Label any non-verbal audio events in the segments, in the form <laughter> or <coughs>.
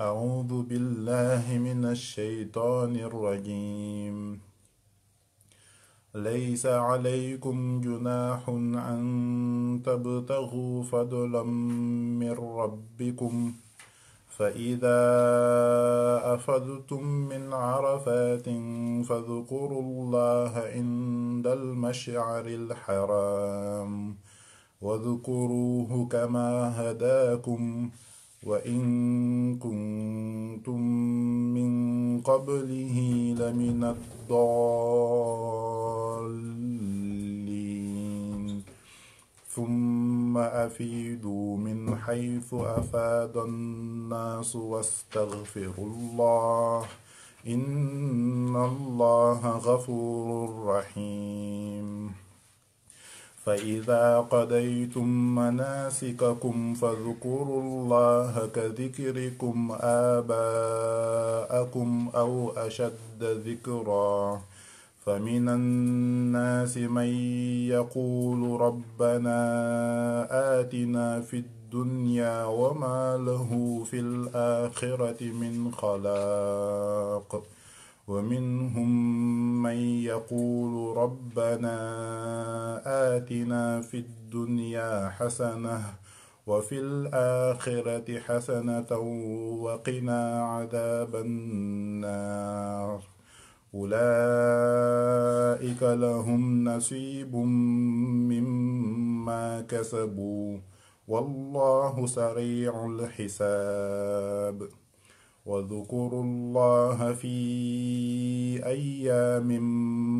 أعوذ بالله من الشيطان الرجيم ليس عليكم جناح أن تبتغوا فضلا من ربكم فإذا أفضتم من عرفات فاذكروا الله عند المشعر الحرام واذكروه كما هداكم ۖ وإن كنتم من قبله لمن الضالين ثم أفيدوا من حيث أفاد الناس واستغفروا الله إن الله غفور رحيم فإذا قضيتم مناسككم فاذكروا الله كذكركم آباءكم أو أشد ذكرا فمن الناس من يقول ربنا آتنا في الدنيا وما له في الآخرة من خلاق ومنهم من يقول ربنا آتنا في الدنيا حسنة وفي الآخرة حسنة وقنا عذاب النار أولئك لهم نصيب مما كسبوا والله سريع الحساب واذكروا الله في أيام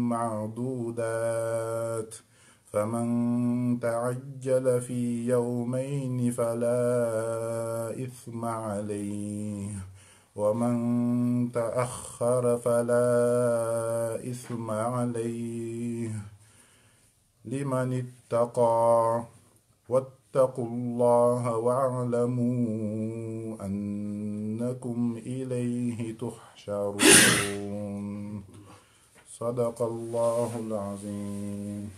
معدودات فمن تعجل في يومين فلا إثم عليه ومن تأخر فلا إثم عليه لمن اتقى واتقوا الله واعلموا أن إنكم إليه تحشرون صدق الله العظيم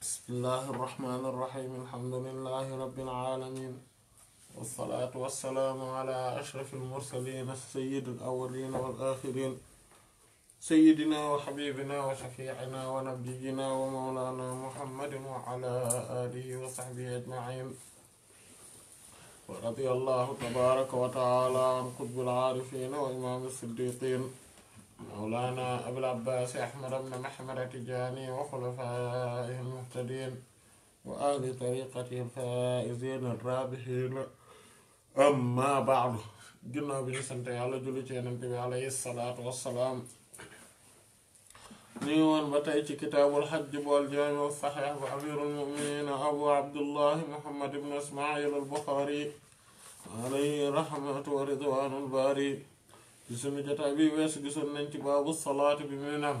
بسم الله الرحمن الرحيم الحمد لله رب العالمين والصلاة والسلام على أشرف المرسلين السيد الأولين والآخرين سيدنا وحبيبنا وشفيعنا ونبينا ومولانا محمد وعلى آله وصحبه أجمعين ورضي الله تبارك وتعالى عن قطب العارفين وإمام الصديقين مولانا أبو العباس أحمد بن محمد تجاني وخلفائه المهتدين وأهل طريقته الفائزين الرابحين أما بعد جنا بن سنتي على جلوتي جنبي عليه الصلاة والسلام نيوان بتأي كتاب الحج والجامع الصحيح وأمير المؤمنين أبو عبد الله محمد بن إسماعيل البخاري عليه رحمة ورضوان الباري جسم جتابي ويس جسم ننتي باب الصلاة بمينا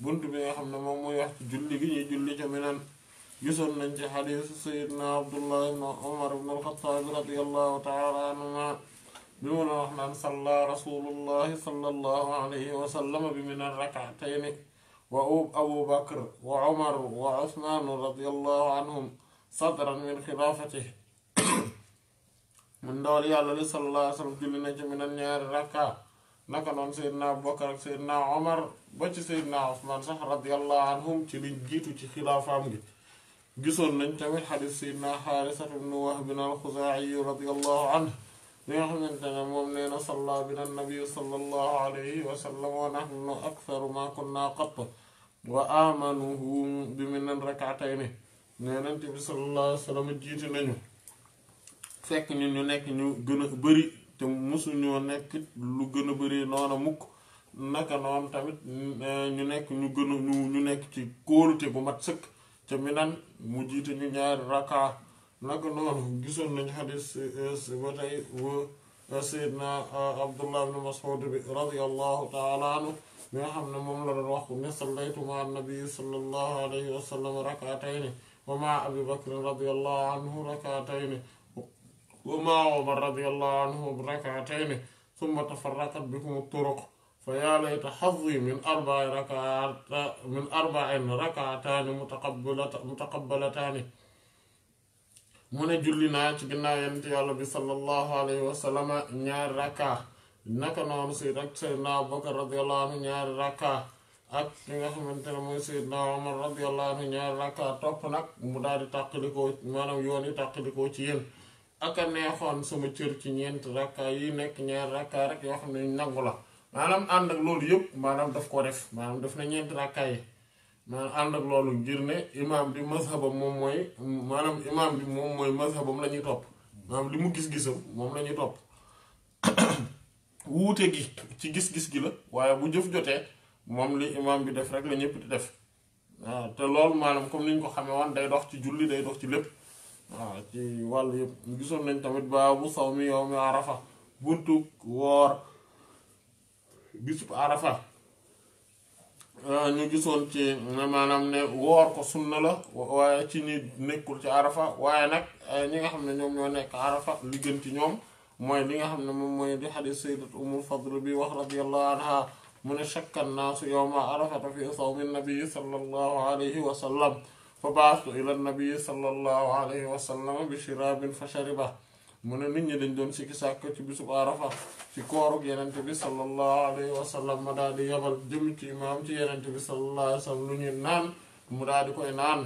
بنت بي أحمد مامو يحت جلي جي جلي جمينا جسم ننتي حديث سيدنا عبد الله بن عمر بن الخطاب رضي الله تعالى عنهما بمنا رحمن صلى رسول الله صلى الله عليه وسلم بمنا ركعتين وأبو بكر وعمر وعثمان رضي الله عنهم صدرا من خلافته من دولي على صلى الله عليه وسلم جلنا من النار ركا عن سيدنا أبو بكر سيدنا عمر بچ سيدنا عثمان صح رضي الله عنهم تلين جيت تي خلافة مجي جسون ننتمي حديث سيدنا حارسة بن وهب بن الخزاعي رضي الله عنه نحن نتنمم لنا صلى بنا النبي صلى الله عليه وسلم ونحن أكثر ما كنا قط wa amanuhu biminan rak'atayni nenante bi sallallahu alayhi wasallam jiti nañu fekk ñu ñu nekk ñu gëna bari te musu ñu nekk lu gëna bari nona mukk naka non tamit ñu nekk ñu gëna ñu ñu nekk ci koolute bu mat sekk te minan mu jiti ñu ñaar rak'a naka non gisoon nañu hadith euh, ce matin wa sayyidna euh, abdullah ibn mas'ud radiyallahu ta'ala anhu نحن مملر الوحكم صليت مع النبي صلى الله عليه وسلم ركعتين ومع أبي بكر رضي الله عنه ركعتين ومع عمر رضي الله عنه ركعتين ثم تفرقت بكم الطرق فيا ليت حظي من أربع ركعات من أربع ركعتان متقبلت متقبلتان من جلنا تجنا ينتي الله صلى الله عليه وسلم نار ركعه naka noonu sayyid ak sayyidna abubakar radiyallahu anhu ñaari ya rakka ak li nga xamantene ya moy mooy sayyidna umar radiyallahu anhu ñaari ya rakka topp nag mu daal takaliko manam yoni takaliko ci yeen ak neexon neexoon sama cër ci ñent rakka yi nek ñaari rakka rek yo xam nangula manam and ak loolu yep manam daf ko def manam daf na ñent rakka yi man and ak loolu ngir ne imaam bi mazhabam mom moy manam imaam bi mom moy mazhabam lañuy top manam limu gis-gisam mom lañuy top <clears throat> wuute gi ci gis-gis gi la waaye bu jëf jotee moom li imaam bi def rek la ñépp di def waaw te loolu maanaam comme ni ñu ko xamee woon day dox ci julli day dox ci lépp waaw ci wàll yëpp gisoon nañ tamit baabu sawmi yawmi arafa buntu woor bisub arafa ñu gisoon ci maanaam ne woor ko sunna la waaye ci ñi nekkul ci arafa waaye nag eh, ñi nga xam ne ñoom ñoo nekk arafa li ci ñoom mooy li nga xam ne moom mooy di xadis sayyidat umul fadl bi wax radiyallahu anha mu ne shakka nnaasu yawma arafata fi sawmi nabii sallallahu alayhi wa sallam fa baastu ila nabii sallallahu alayhi wa sallam bi shirabin fa shariba mu ne nit ñi dañ doon sikki sàkk ci bisub arafa ci koorug yenente bi sallallahu alayhi wa sallam ma daal di yabal jëm ci imaam ci yenente bi sallallahu alayhi wa sallam lu ñuy naan mu daal di koy naan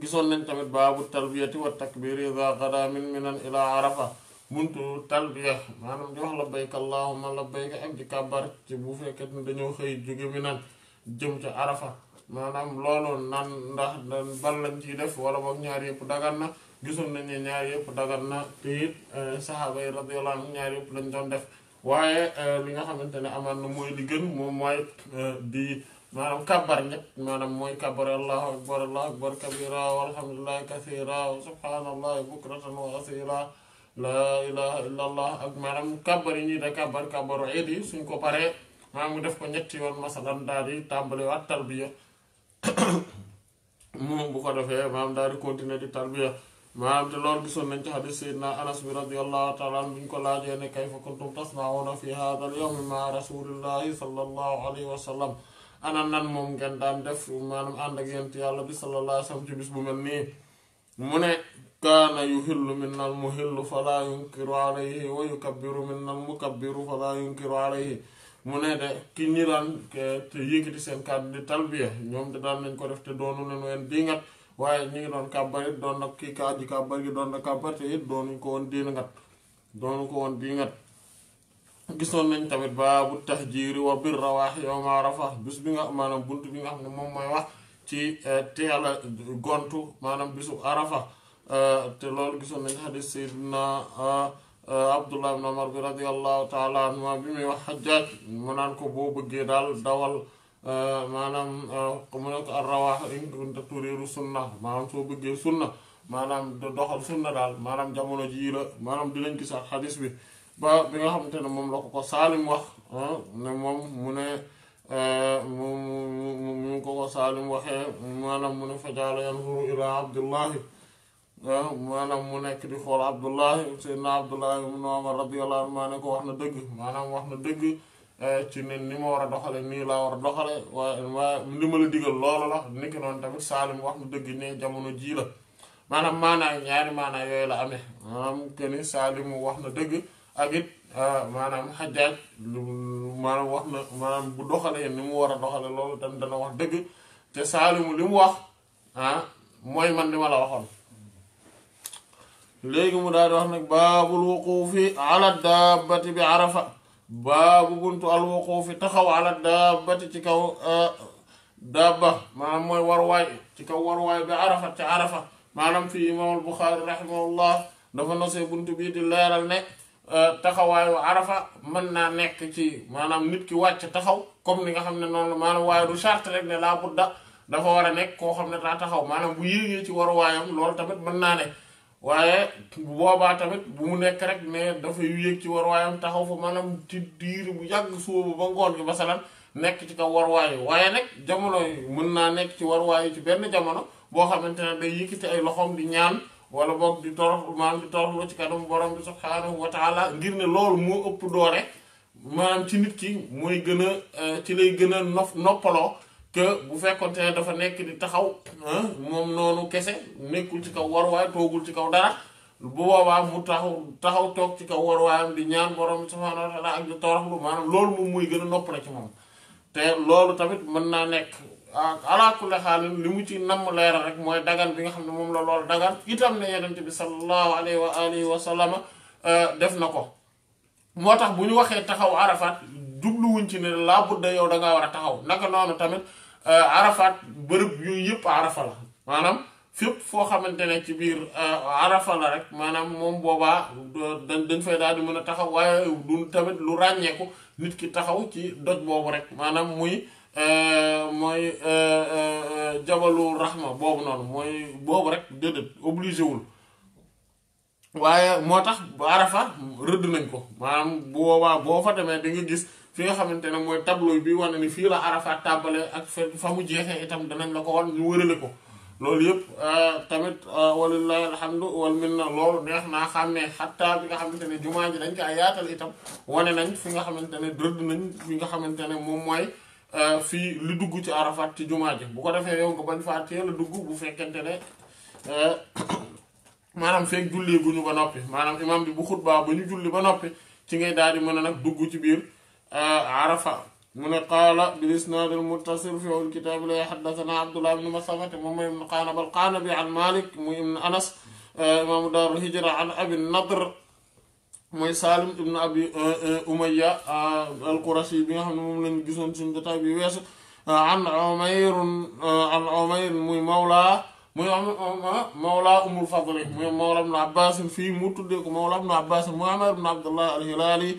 gisoon nañ tamit baabu talbiyati wa takbir iza xada min minan ila arafa buntu talbiya maanaam di wax labbayka allahumma labbayka ak di kàbbar ci bu fekkee ne dañoo xëy jóge minan jëm ca arafa maanaam loolu nan ndax ban lañ ciy def wala boog ñaar yëpp dagan na gisoon nañ ne ñaar yëpp dagan na te it eh, saxaaba yi radiyallahu anhum ñaar yëpp lañ doon def waaye eh, li nga xamante ne amaan na mooy li gën moom mooy eh, di maram kabar ñett manam moy kabar Allah akbar allah akbar kabira walhamdulillah kathira wa subhanallah bukratan wa asila la ilaha illa allah ak manam kabar ni da kabar kabar eed suñ ko paree manam mu def ko ñetti yoon masalan daal di tàmbali waat talbiya <coughs> mu bu ko defé manam daal di continuer di talbiya manam te lool gisoon nañ ci hadith sayyidina anas bi radiyallahu taala an ko laaje ne kayfa kuntum tasma'una fi hadha al yawm ma rasulillahi sallallahu alayhi wa sallam ana nan moom ngeen daan def maanaam ànd ak yent yàlla bi sallallahu alayhi wa sallam ci bu mel nii mu ne kaana yuhillu min al muhillu fala yunkiru alayhi wa yukabbiru min al mukabbiru fala yunkiru alayhi mu ne de ki ñi daan te yëkkati seen kàddu di talbiya ñoom de daan nañ ko def te doonu leen ween dingat waaye ñu ngi doon kàbbar it doon nag kii kaaji kàbbar gi doon na kàbbar te it doonuñ ko woon diingat doonu ko woon diingat gisoon nañ tamit baabu tahjiiri wa bir rawaax yow ma rafa bis bi nga maanaam bunt bi nga xam ne moom wax ci eh, teel a gontu maanaam bisu arafa eh, te lool gisoon nañ xadis saydna eh, abdullah ibn omar bi radiallahu taala anhuma bi muy wax xajjaaj mu naan ko boo bëggee daal dawal maanaam mu ne ko ar rawaax in kunta turiidu sunna maanaam soo bëggee sunna maanaam doxal sunna daal maanaam jamono jii la maanaam dinañ gis ak bi ba bi nga xamante ne moom la ko ko Saalim wax ah, ne moom mu ne eh, mu mu ko ko Saalim waxee maanaam mu ne fajaala yanzuru Abdullahi ah, maanaam mu nekk di xool Abdullahi Seydina Abdullahi ibn Umar radiyallahu anhu maa ne ko wax na dëgg maanaam wax na dëgg eh, ci ne ni ma war a doxale nii laa war a doxale li ma la digal loolu la niki noonu tamit Saalim wax na dëgg ne jamono jii la maanaam maanaam ñaari maanaam yooyu la amee maanaam que Saalim wax na dëgg. ak it ah, maanaam xajaaj maanaam wax na maanaam bu doxalee ni mu war a doxale loolu tam dana wax dëgg te saalimu li mu wax ah mooy man li ma la waxoon léegi mu daal di wax nag baabul wuquufi ala daabati bi arafa baabu bunt al wuquufi taxaw ala daabati ci kaw ah, daaba maanaam mooy waruwaay ci kaw waruwaay bi arafa ci arafa maanaam fii imaamul buxaari rahimahullah dafa nosee buntu bii di leeral ne Euh, taxawaayu arafa mën naa nekk ci maanaam nit ki wàcc taxaw comme ni nga xam ne noonu la maanaam waaye du charte rek ne laa budda dafa war a nekk koo xam ne daa taxaw maanaam bu yéegee ci waruwaayam loolu tamit mën naa ne waaye bu boobaa tamit bu mu nekk rek ne dafa yéeg ci waruwaayam taxaw fa maanaam ci diir bu yàgg suubu ba ngoon gi masalan nekk ci kaw waruwaayu waaye nag jamono mën naa nekk ci waruwaayu ci benn jamono boo xamante ne day yëkkati ay loxom di ñaan. wala boog di torox maanaam di toroxlu ci kanam borom bi subhaanahu wa taala ngir ne loolu moo ëpp doore maanaam ci nit ki mooy gën a euh, ci lay gën a nof noppaloo que bu fekkonte ne dafa nekk di taxaw moom noonu kese nekkul ci kaw war warwaay toogul ci kaw dara bu boobaa mu taxaw taxaw toog ci kaw warwaayam di ñaan borom bi subhaanahu ak di toroxlu maanaam loolu moom mooy gën a noppale ci moom te loolu tamit mën naa nekk Ah, ala kulli xaalin li mu ci namm leeral rek mooy dagan bi nga xam ne moom la loolu dagan itam ne yonent bi sallallahu alayhi wa alihi wa sallama eh, def na ko moo tax bu ñu waxee taxaw arafat jubluwuñ ci ne laa budda yow da ngaa war a taxaw naka noonu tamit eh, arafat bërëb yooyu yëpp arafa la maanaam fépp foo xamante ne ci biir eh, arafa la rek maanaam moom boobaa dañ dañ fay daal di mën a taxaw waaye du tamit lu ràññeeku nit ki taxaw ci doj boobu rek maanaam muy Euh, mooy euh, euh, jabalu raxma boobu noonu mooy boobu rek déedéet obligé wul waaye moo tax arafa rëdd nañ ko maanaam bu boobaa boo fa demee di nga gis fi nga xamante ne mooy tableau bi wane ni fii la arafa tàmbale ak fa mu jeexee itam danañ la ko wan ñu wërale ko loolu yëpp tamit walillahi alhamdu wal na loolu neex naa xàmmee xatta bi nga xamante ne jumaa ji dañ ko ay yaatal itam wane nañ fi nga xamante ne rëdd nañ fi nga xamante ne moom mooy fi lu dugg ci Arafat ci jumaa ji bu ko defé yow nga bañ faa teel a dugg bu fekkante ne euh manam fek julli guñu ñu ba noppi maanaam imam bi bu khutba ba ñu julli ba nopi ci ngay daali mëna nak dugg ci bir euh Arafa mun qala bi isnad al muttasil fi al kitab la yahdathana Abdullah ibn Maslama moom mooy ibn Qanab al Qanabi al Malik mu ibn Anas imaamu daarul hijra an Abi Nadr moy Salim ibn Abi Umayya al-Qurashi bi nga xamne mom lañu gisoon suñu jotaay bi wess an Umayr al Umayr moy mawla moy mawla umul Fadl moy mawla ibn Abbas fi mu tuddé ko mawla ibn Abbas muy Umar ibn Abdullah al-Hilali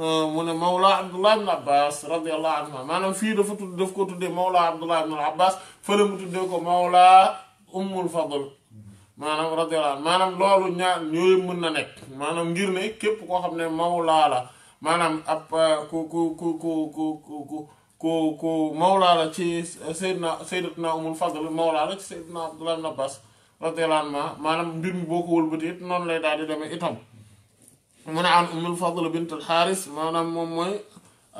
mu mawla Abdullah ibn Abbas radiyallahu anhu maanaam fii dafa tudd daf ko tuddé mawla Abdullah ibn Abbas fële mu tuddé ko mawla umul Fadl maanaam radiyallahu maanaam loolu ñaar ñooyu mën na nekk maanaam ngir ne képp koo xam ne mawlaa la maanaam ab euh, ku ku ku ku ku ku ku mawlaa la ci euh, sayyidna na umul fadl mawlaa la ci sayyidna abdullah ibn abbas radiyallahu anhu maanaam mbir mi boo ko wëlbatee noonu lay daal di demee itam mu ne an umul fadl bint al maanaam moom mooy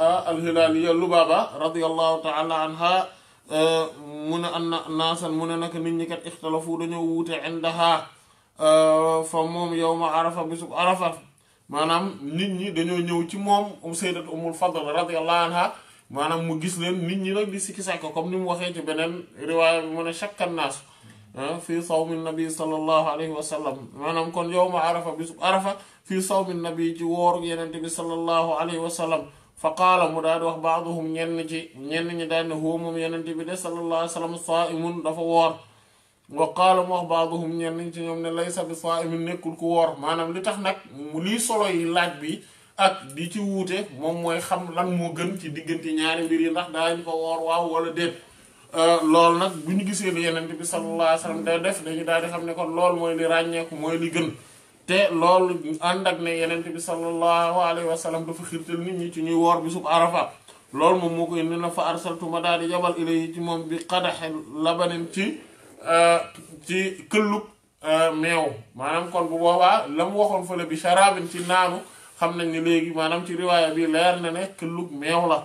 euh, alhilaaliya lubaaba radiyallahu taala anha Euh, mu ne an na naasan mu ne naka nit ñi kat ixtalafu dañoo wuute indaha euh, fa moom yawma arafa bisub arafa maanaam nit ñi dañoo ñëw ci moom um sayyidat umul fadl radiyallahu anha maanaam mu gis leen nit ñi la di sikki sàkk comme ni mu waxee ci beneen riwaaya bi mu ne shakka naas euh, fii sawmi nabi sallallahu alayhi wa sallam maanaam kon yawma arafa bisub arafa fii sawmi nabi ci wooru yenente bi sallallahu alayhi wa sallam fa qaala mu daal di wax baaduhum ñenn ci ñenn ñi daan ne huwa moom yenente bi de sallallahu alayhi wa sallam saaimun dafa woor wa qaala mu wax baaduhum ñenn ci ñoom ne laysa bi saaimin nekkul ku woor maanaam li tax nag mu liy solo yi laaj bi ak di ci wuute moom mooy xam lan moo gën ci diggante ñaari mbir yi ndax daañu ko woor waaw wala déet euh, loolu nag bu ñu gisee li yenente bi sallallahu alayhi wa sallam day def dañu daal di xam ne kon loolu mooy li ràññeeku mooy li gën te loolu ànd ak ne yenent bi sallallahu alayhi wa sallam dafa xirtal nit ñi ci ñuy woor bi sub arafa loolu moom moo koy ne na fa arsaltu ma daal di yabal ilayhi ci moom bi qadaxe labanin ci euh, ci këllub euh, meew maanaam kon bu boobaa la mu waxoon fële bi sharabin ci naanu xam nañ ni léegi maanaam ci riwaaya bi leer na ne këllub meew la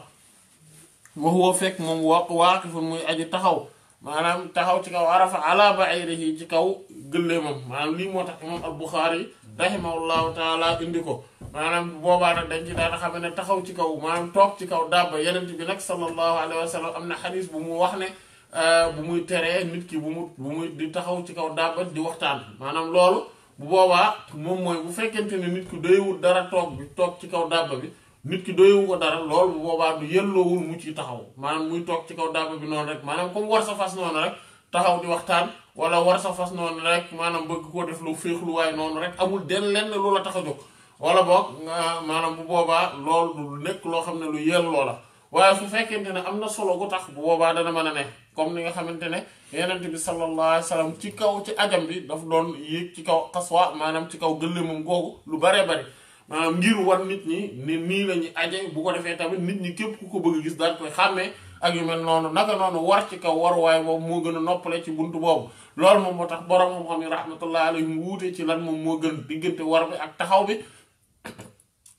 wa huwa fekk moom waq waaqifun muy aji taxaw maanaam taxaw ci kaw arafa ay ba'irihi ci kaw gëléemam maanaam lii moo tax imam al-Bukhari rahimahullahu taala indi ko maanaam boobaa nag dañ ci daana xam ne taxaw ci kaw maanaam toog ci kaw dabba yenent bi nag sallallahu alayhi wa sallam am na xadis bu mu wax ne euh, bu muy teree nit ki bu mu bu muy di taxaw ci kaw dabba di waxtaan maanaam loolu bu boobaa moom mooy bu fekkente ne nit ku doywul dara toog bi toog ci kaw dabba bi nit ki doyewu ko dara loolu bu boobaa du yelloowul mu ci taxaw maanaam muy toog ci kaw daaba bi noonu rek maanaam comme war sa fas noonu rek taxaw di waxtaan wala war sa fas noonu rek maanaam bëgg koo def lu féexluwaay noonu rek amul den lenn lu la tax a jóg wala boog maanaam bu boobaa loolu lu nekk loo xam ne lu yelloo la waaye su fekkente ne am na solo gu tax bu boobaa dana mën a ne comme ni nga xamante ne yenent bi sallallahu alayhi wasallam ci kaw ci ajam bi daf doon yéeg ci kaw xaswa maanaam ci kaw gëllemam googu lu baree bari maanaam ngir war nit ñi ne nii la ñuy aje bu ko defee tamit nit ñi képp ku ko bëgg gis daal koy xàmmee ak yu mel noonu naka noonu war ci kaw waruwaay boobu moo gën a noppale ci buntu boobu loolu moom moo tax borom xam-xam yi rahmatullah alayhim wuute ci lan moom moo gën diggante war bi taxaw bi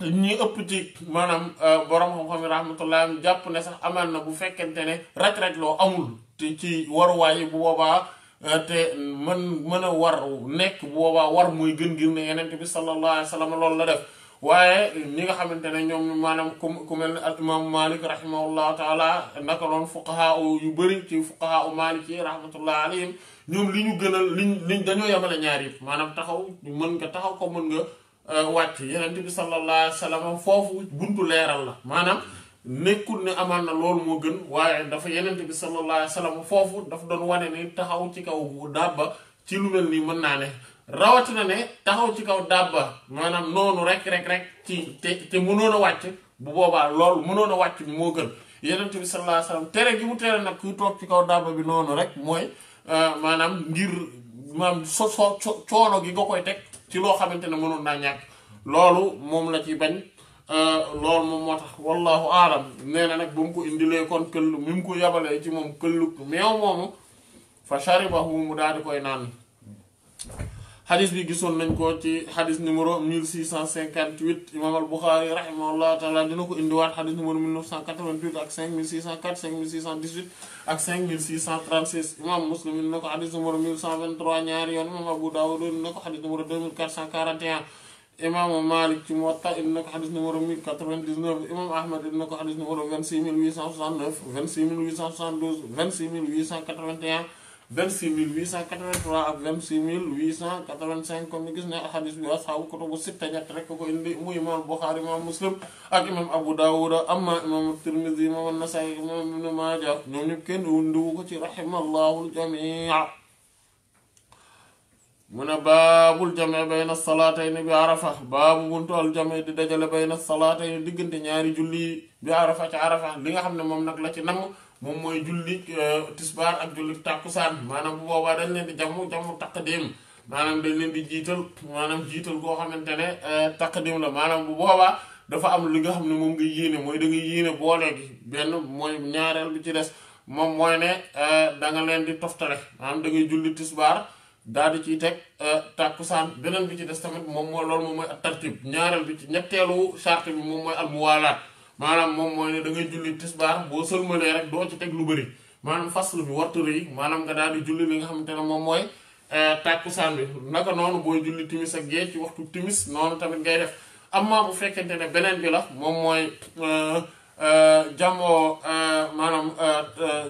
ñi ëpp ci maanaam euh, borom xam-xam yi jàpp ne sax amaan na bu fekkente ne raj loo amul te ci waruwaay bu boobaa euh, te mën mën a war nekk bu boobaa war muy gën ngir ne yeneen bi sallallahu alayhi wa sallam loolu la def waaye ñi nga xamante ne ñoom maanaam ku ku mel ne al imam malik rahimahullahu taala naka noonu fuqaha yu bëri ci fuqaha u malik yi rahmatullah alayhim ñoom li ñu gënal liñ liñ dañoo yemale ñaar yëpp maanaam taxaw mën nga taxaw ko mën nga euh, wàcc yenent bi sallallahu alayhi wa sallam foofu buntu leeral la maanaam nekkul ne amaan na loolu moo gën waaye dafa yenent bi sallallahu alayhi wa foofu daf doon wane ni taxaw ci kaw dabba ci lu mel nii mën naa ne rawatina ne taxaw ci kaw dàbba maanaam noonu rek rek rek ci te te mënoon a wàcc bu boobaa loolu mënoon a wàcc bi moo gën yonent bi sallallahu alayhi wasallam tere gi mu tere nag ku toog ci kaw dàbba bi noonu rek mooy euh, maanaam ngir maanaam so so coono gi nga koy teg ci loo xamante ne mënoon naa ñàkk loolu moom la ci bañ euh, loolu moom moo tax wallahu aalam nee na nag ba mu ko indilee koon këll mi mu ko yabalee ci moom këllu meew moomu fa sharibahu mu daal di koy naan xadis bi gisoon nañ ko ci xadis numéro 1658 imam al Buxaari rahimahullahu taala dina ko indiwaat xadis numéro 1988 ak 5604 5618 ak 5636 imam Muslim dina ko xadis numéro 1123 ñaari yoon imam Abu Dawud dina ko xadis numéro 2441 imam Malik ci Muwatta dina ko xadis numéro 1099 imam Ahmad dina ko xadis numéro 26 883 ak 26 885 comme ni gis ne xadis bi asxaabu kutubu sitta ñett rek ko indi mu imam Buxaari imam Muslim ak imam Abu Dawud amma imam Tirmidhi imam An-Nasa'i imam Ibn Maaja ñoom ñëpp kenn wundiwu ko ci rahimallahu al-jamii mu ne baabul jame bayna salaatayni bi arafa baabu buntu al jame di dajale bayna salaatayni diggante ñaari julli bi arafa ci arafa li nga xam ne moom nag la ci nam moom mooy julli euh, tisbaar ak julli tàkkusaan maanaam boobaa dañ leen di jamu jamu taqdim maanaam dañ leen di jiital maanaam jiital goo xamante ne euh, taqdim la maanaam bu boobaa dafa am li nga xam ne moom nga yéene mooy da nga yéene boole gi benn mooy ñaareel bi ci des moom mooy ne euh, da nga leen di toftale maanaam da ngay julli tisbaar daal di ciy teg tàkkusaan beneen bi ci des tamit moom mooy loolu moom mooy at tartib ñaareel bi ci ñetteelu sart bi moom mooy al muwaalaat maanaam moom mooy ne da ngay julli tisbaar boo sëlmalee rek doo ci teg lu bëri maanaam faslu bi wartu yi maanaam nga daal di julli li nga xamante ne moom mooy eh, tàkkusaan bi naka noonu booy julli timis ak gee ci waxtu timis noonu tamit ngay def amma bu fekkente ne beneen bi la moom mooy eh, eh, jamoo maanaam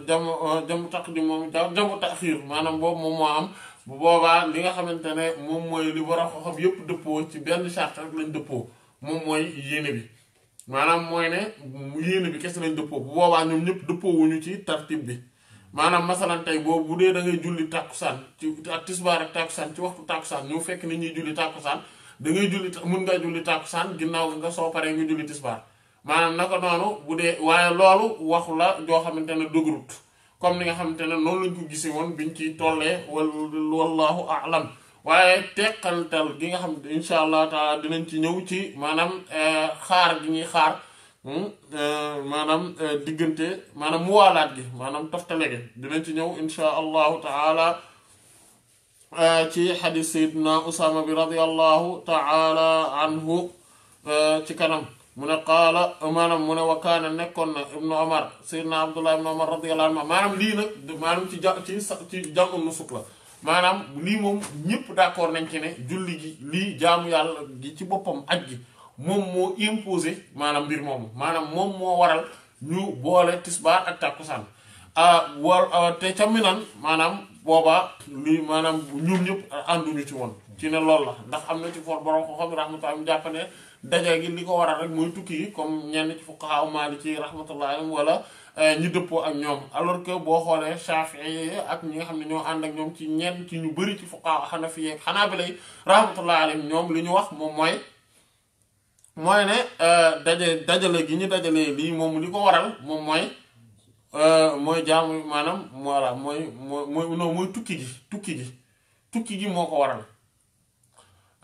jamo jamu taqdim moom jamu taxiir maanaam boobu moom moo am bu boobaa li nga xamante ne moom mooy li war a xam yépp dëppoo ci benn charte rek lañ dëppoo moom mooy yéene bi maanaam mooy ne yéene bi kese nañ dëppoo bu boobaa ñoom ñëpp dëppoo wuñu ci tartib bi maanaam masalan tey boobu bu dee da ngay julli tàkkusaan ci tisbaar ak tàkkusaan ci waxtu tàkkusaan ñu fekk ni ñuy julli tàkkusaan da ngay julli mun nga julli tàkkusaan ginnaaw nga soo paree nga julli tisbaar maanaam naka noonu bu dee waaye loolu waxu la joo xamante ne dëgërut comme ni nga xamante ne noonu lañ ko gisee woon biñ ci tollee wal wallahu a'lam waaye teqantal gi nga xam insha allah taala dinañ ci ñëw ci maanaam eh, xaar gi ñuy xaar hmm, eh, maanaam eh, diggante maanaam muwaalaat gi maanaam toftale gi dinañ ci ñëw insha allahu taala ci xadis sayidna usama bi radiallahu taala anhu ci kanam mu ne qaala maanaam mu ne wakaana nekkoon na ibnu omar sayidna abdullah ibnu omar radiallahu anhu maanaam lii nag maanaam ci ja ci sa la maanaam lii moom ñëpp d'accord nañ ci ne julli gi lii jaamu yàlla gi ci boppam aj gi moom moo imposé maanaam mbir moomu maanaam moom moo waral ñu boole tisbaar ak tàkkusaan ah, war ah, te ca Minan maanaam boobaa lii maanaam ñoom ñëpp ànduñu ci woon ci ne loolu la ndax am na ci for borom ko xam rahmatullah mu jàpp ne daja gi li ko waral rek mooy tukki yi comme ñenn ci fuqahaa Maalik ci rahmatullah walla Euh, ñu dëppoo ak ñoom alors que boo xoolee Shafi'i ak ñi nga xam ne ñoo ànd ak ñoom ci ñenn ci ñu bari ci fuqaha Hanafi yeeg Hanabila yi rahmatullahi alayhim ñoom li ñu wax moom mooy mooy ne euh, daje dajale gi ñu dajalee lii moom li ko waral moom mooy euh, mooy jaamu maanaam voilà mooy mooy tukki gi tukki gi tukki gi moo ko waral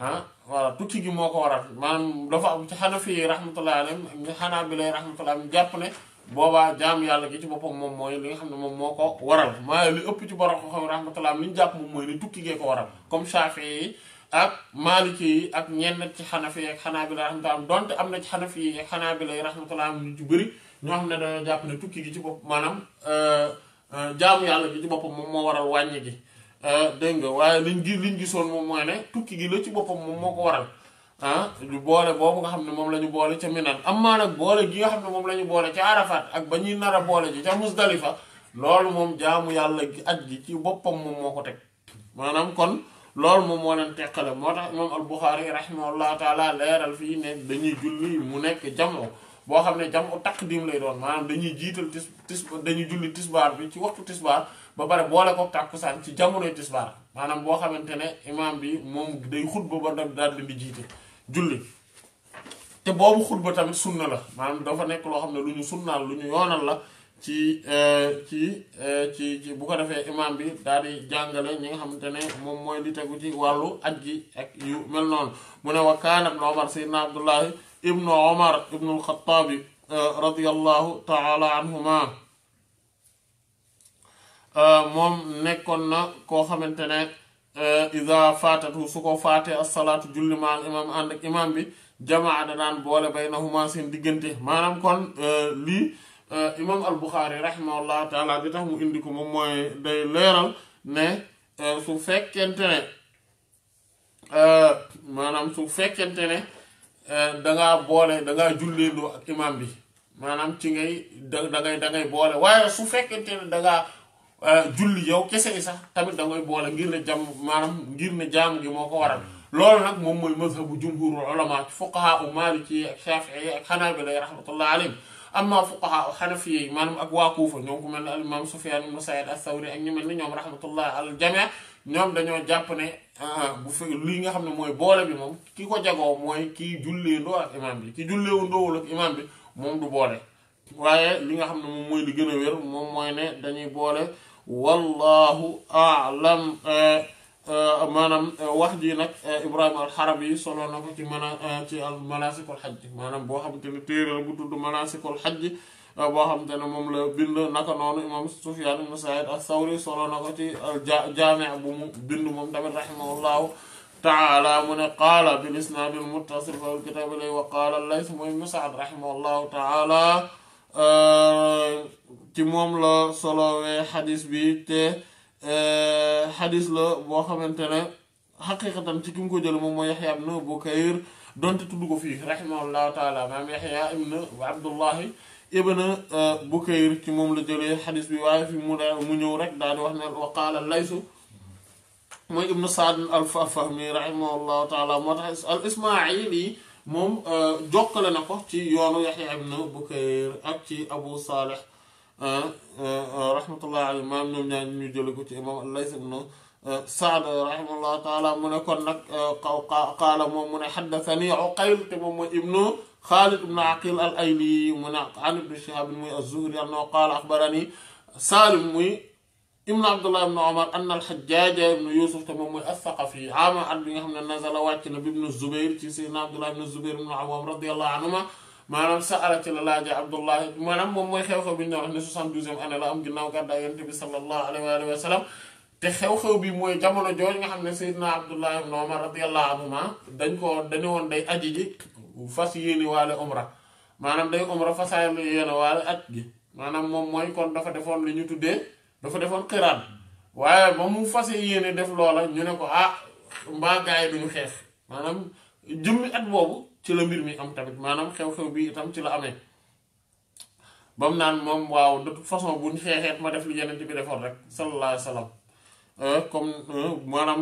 ah voilà tukki gi moo ko waral maanaam dafa am ci Hanafi yi rahmatullahi alayhim ñi Hanabila yi jàpp ne boobaa jaam yàlla gi ci boppam moom mooy li nga xam ne moom moo ko waral maa li ëpp ci borom xam-xam ñu jàpp moom mooy ne tukki gee ko waral comme Shafi yi ak Maliki ak ñenn ci xanafi yi ak xanaabila rahmatullah donte am na ci xanafi yi ak xanaabila yi rahmatullah ñu ci bëri ñoo xam ne dañoo jàpp ne tukki gi ci bopp maanaam euh, euh, jaamu yàlla gi ci boppam moom moo waral wàññi gi euh, dégg nga waaye liñ gi liñ gisoon moom mooy tukki gi la ci boppam moom moo ko waral ah ñu boole boobu nga xam ne moom la ñu boole ca Minan amma nag boole gi nga xam ne moom la ñu boole ca Arafat ak ba ñuy nar a boole ji ca Musdalifa loolu moom jaamu yàlla gi aj gi ci boppam moom moo ko teg maanaam kon loolu moom moo leen teqale moo tax imam al-Bukhari rahimahullahu taala leeral fii ne dañuy julli mu nekk jamoo boo xam ne jamu taqdim lay doon maanaam dañuy jiital tis tis dañuy julli tisbaar bi ci waxtu tisbaar ba pare boole ko tàkkusaan ci jamonoy tisbaar maanaam boo xamante ne imam bi moom day xutba ba dab daal di jiite julli te boobu xutba tamit sunna la maanaam dafa nekk loo xam ne lu ñu sunnaal lu ñu yoonal la ci euh, ci euh, ci ci bu ko defee imaam bi daal di jàngale ñi nga xamante ne moom mooy li tegu ci wàllu aj gi ak yu mel noonu mu ne wa kaana ibnu omar saydna abdullahi ibnu omar ibnu alxataabi euh, radiallahu taala anhuma moom nekkoon na koo xamante ne Eh, ida faatatu su ko faatee asalaatu julli ma al imam ànd ak imam bi jamaa da daan boole baynahuma seen diggante maanaam kon eh, lii eh, imam al buxaari rahimahullahu taala di tax mu indi ko moom mooy day leeral ne su fekkente ne maanaam su fekkente ne dangaa boole dangaa julleendoo ak imam bi maanaam ci ngay da dangay da ngay boole waaye su fekkente ne dangaa Euh, julli yow kese yi sax tamit da boole ngir ne jam maanaam ngir ne jaam gi moo ko waral loolu nag moom mooy mazhabu jumhurul ulama ci fuqaha u maliki ak shafii ak xanaabila rahmatullah alayhim amma u xanafiya maanaam ak waa Kuufa ñoom ku mel ne al as-Sawri ak ñu mel ni ñoom rahmatullah al jamii ñoom dañoo jàpp ne ah, bu fi nga xam ne mooy boole bi moom ki ko mooy kii jullee ndoo ak imam bi ki julleewu bi moom du boole waaye li nga xam ne moom mooy li gën a moom mooy ne dañuy boole wallahu alam eh, eh, maanaam eh, wax ji nag ibrahima alxarabi yi solo na ko ci mana ci al manasikul xajj maanaam boo xamante ne téere la bu tudd manasikul xajj boo xamante ne moom la bind naka noonu imam sufyaan ibn said as-sawri solo na ci jaami bu mu bind moom tamit rahimahullahu taala mu ne qaala bil isnaadil muttasil fil kitaab ilay wa qaala layth mooy ibn saad rahimahullahu taala ci mom la solo we hadith bi te euh hadith la bo xamantene haqiqatan ci ki ko jël mom moy yahya ibn bukayr donte tuddu ko fii rahimahullahu taala mam yahya ibn abdullah ibn bukayr ci mom la jël hadith bi way fi mu mu ñëw rek daal di wax ne wa qala laysu moy ibn sa'd al fahmi rahimahullahu taala mo tax al ismaili moom jokkale na ko ci yoonu yaxya ibn bukayr ak ci abu saalih rahmatullahi alayhi maam ñoom ñaar ñu jële ko ci imam lays ibn saad rahimahullahu taala mu ne kon nag qaala moom mu ne xaddathani uqayl te moom mooy ibnu xaalid ibn aqil al ayli mu ne an ibn shihab muy az-zuhri annahu qaala axbarani saalim muy ابن عبد الله بن عمر ان الحجاج بن يوسف تمام وثق في عام عبد الله بن نزل وات النبي بن الزبير سيدنا عبد الله بن الزبير بن عوام رضي الله عنهما ما لم سالت الله عبد الله ما لم مم خيو خيو بن وخ 72 انا لا ام غيناو كدا ينتبي صلى الله عليه واله وسلم te xew xew bi moy jamono joj nga xamne sayyidina abdullah ibn umar radiyallahu anhu dañ ko dañu won day aji ji fas yene wala umrah manam day umrah fasay yene wala ak gi manam mom moy kon dafa dafa defoon xiraan waaye ba mu fase yéene def loola ñu ne ko ah mbaa gaa yi duñu xeex maanaam jëmmi at boobu ci la mbir mi am tamit maanaam xew-xew bi itam ci la amee ba mu naan moom waaw de toute façon buñ xeexeet ma def lu yeneen bi defoon rek sallallahu alayhi wa sallam euh, comme euh, maanaam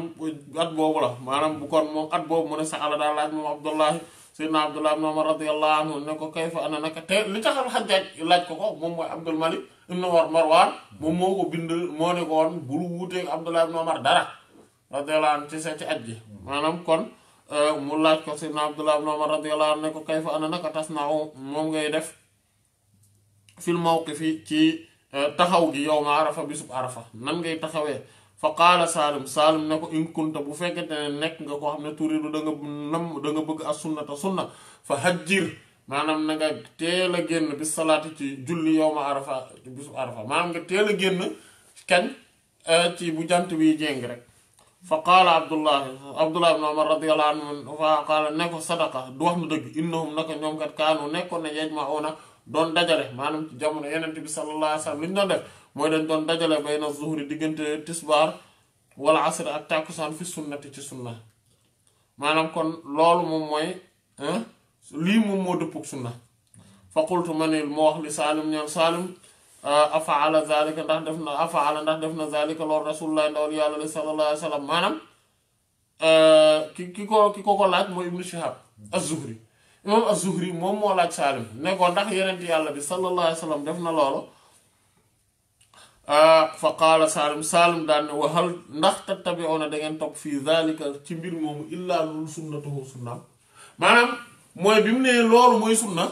at boobu la maanaam bu kon moom at boobu mu ne sa ala daal laaj moom abdullahi Seydina Abdullah ibn Umar radiyallahu anhu ne ko kayfa ana naka te li taxal Xajjaaj laaj ko ko moom mooy Abdul Malik na Umar Marwan moom moo ko bind moo ne ko woon bul wuuteeg Abdullah ibn Umar dara radiyallahu anhu ci sa ci at gi maanaam kon euh, mu laaj ko Seydina Abdullah ibn Umar radiyallahu anhu ne ko kayfa ana naka tas naa moom ngay def fil fii ci euh, taxaw gi yow ma arafa bisub arafa nan ngay taxawee fa qaala saalum saalum ne ko in kunta bu fekkente ne nekk nga koo xam ne turidu da danga nam da bëgg a sunnata sunna fa hajjir maanaam na nga teel a génn bi salaati ci julli yow ma arafa bisu arafa maanaam nga teel a génn kañ euh, ci bu jant bi jéng rek fa qaala abdullah abdullah ibn omar radiyallahu anhu fa qaala ne ko sadaqa du wax na dëgg innahum naka ñoom kat kaanu nekkoon na doon dajale maanaam ci jamono yenent bi sallallahu alayhi wa sallam li ñu doon moy dañ doon dajale bayna zuhur diggante tisbar wala asr ak takusan fi sunnati ci sunna manam kon loolu hein li mom mo moo ak sunna fa qultu ma ne moo wax li salim ñaan saalim afaala zalika ndax defna afaala ndax defna zalika loolu rasulullah ndaw yàlla la sallallahu alayhi wasallam manam euh ki ko ko ko laaj mooy ibnu shihab az-zuhri mom az-zuhri mom mo laaj salim ne ko ndax ti yàlla bi sallallahu alayhi wasallam defna def loolu fa qaala saalum saalum daan ne waxal ndax tattabi'una dangeen ngeen topp fii zalika ci mbir moomu illaa lul sunnatuhu sunnaam maanaam mooy bi mu ne loolu mooy sunna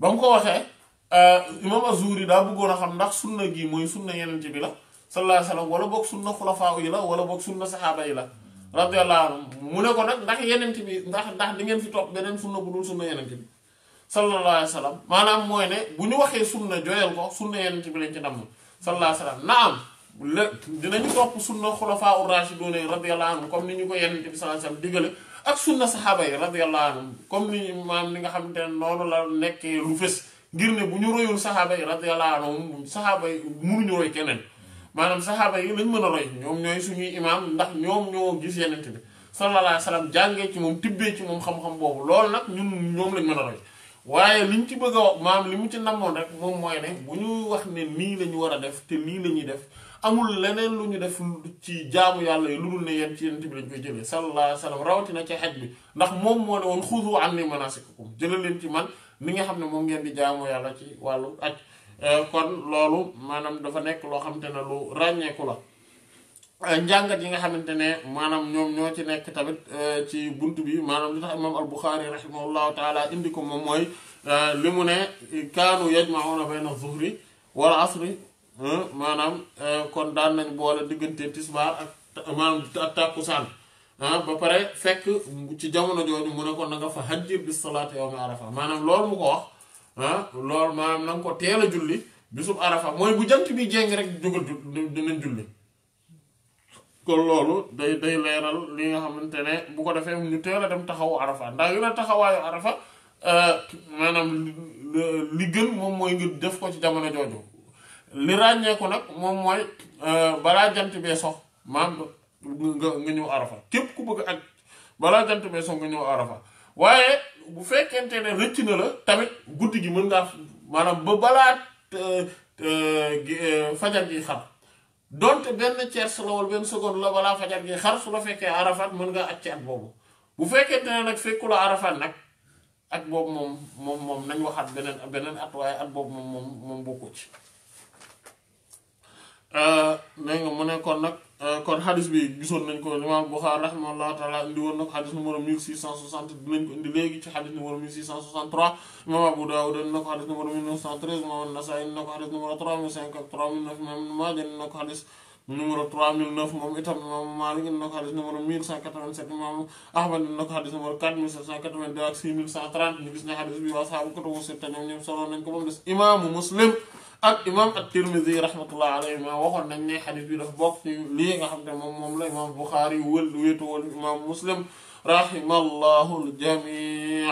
ba mu ko waxee imam azuri daa bëggoon a xam ndax sunna gi mooy sunna yenent bi la sallallahu alayhi wa sallam wala boog sunna xulafaa yi la wala boog sunna saxaaba yi la radiyallahu anhum mu ko nag ndax yenent bi ndax ndax di ngeen fi topp beneen sunna bu dul sunna yenent bi sallallahu maanaam mooy ne bu ñu waxee sunna jooyal ko sunna yenent bi lañ ci damm sallallahu alayhi wa sallam naam le dinañu topp sunna xulafaa ur raashiduuna yi radiyallahu anhum comme ni ñu ko yonent bi sallallahu alayhi wa sallam saxaaba yi comme ni maam li nga xamante ne noonu la nekkee lu fës ngir bu ñu royul saxaaba yi radiyallahu anhum saxaaba yi mënuñu roy keneen maanaam saxaaba yi lañ mën a roy ñoom ñooy suñuy imaam ndax ñoom ñoo gis yonent bi sallallahu alayhi wa sallam jàngee ci moom tibbee ci moom xam-xam boobu loolu nag ñun ñoom lañ mën a roy waaye li ñu ci bëgg a wax maam li mu ci namoon rek moom mooy ne bu ñu wax ni nii lañu war a def te nii la ñuy def amul leneen lu ñu def ci jaamu yàlla yi lu dul ne yéen ci yéen bi lañ koy jëlee sallallahu alayhi wa rawatina ci xaj bi ndax moom moo ne woon xudu anni ko jëlee leen ci man li nga xam ne moom ngeen di jaamu yàlla ci wàllu aj eh, kon loolu maanaam dafa nekk loo xam te ne lu ràññeeku la. Euh, njàngat yi nga xamante ne maanaam ñoom ñoo ci nekk tamit euh, ci bunt bi maanaam li tax imaam al-Bukhari rahimahullahu taala indi ko moom mooy euh, li mu ne kaanu yajma'una bayna zuhri maanaam kon daan nañ boole diggante tisbaar ak maanaam ak tàkkusaan ah, ba pare fekk ci jamono jooju mu ne ko na nga fa hajjir bis salaati yawma arafa maanaam lool mu ko wax ah, loolu maanaam na ko teel a julli bisub arafa mooy bu jant bi jéng rek jógal dinañ julli kon loolu day day leeral li nga xamante ne bu ko defee ñu teel a dem taxaw arafa ndax yu la taxawaayu arafa euh, maanaam li gën moom mooy ngir def ko ci jamono jooju li ràññeeku nag moom mooy euh, balaa jant bee sox maam nga nga ñëw arafa képp ku bëgg ak balaa jant bee sox nga ñëw arafa waaye bu fekkente ne rëcc na la tamit guddi gi mën ngaa maanaam ba balaa euh, fajar gi xam donte benn tiers la wala benn seconde la balaa fajar gi xar su la fekkee arafat mën nga aj ci at boobu bu fekkente ne nag fekku la arafat nag ak boobu moom moom moom nañ waxaat beneen beneen at waaye at boobu moom moom moom bokku ci dégg euh, nga mu ne kon nag euh, kon xadis bi gisoon nañ ko imaam Buxaari rahimahullahu taala indi woon na ko xadis numéro 1660 dinañ ko indi léegi ci xadis numéro 1663 imaam Abu Daawud indi na na ko xadis numéro 3005 3009 ko xadis numéro 3009 moom itam solo nañ ko ba mu des imaamu Muslim ak imam at-Tirmidhi rahmatullah alayhi ma waxon nañ ne hadith bi daf bok ci li nga xamné mom mom la imam Bukhari wul wéetu woon imam Muslim rahimallahu al jami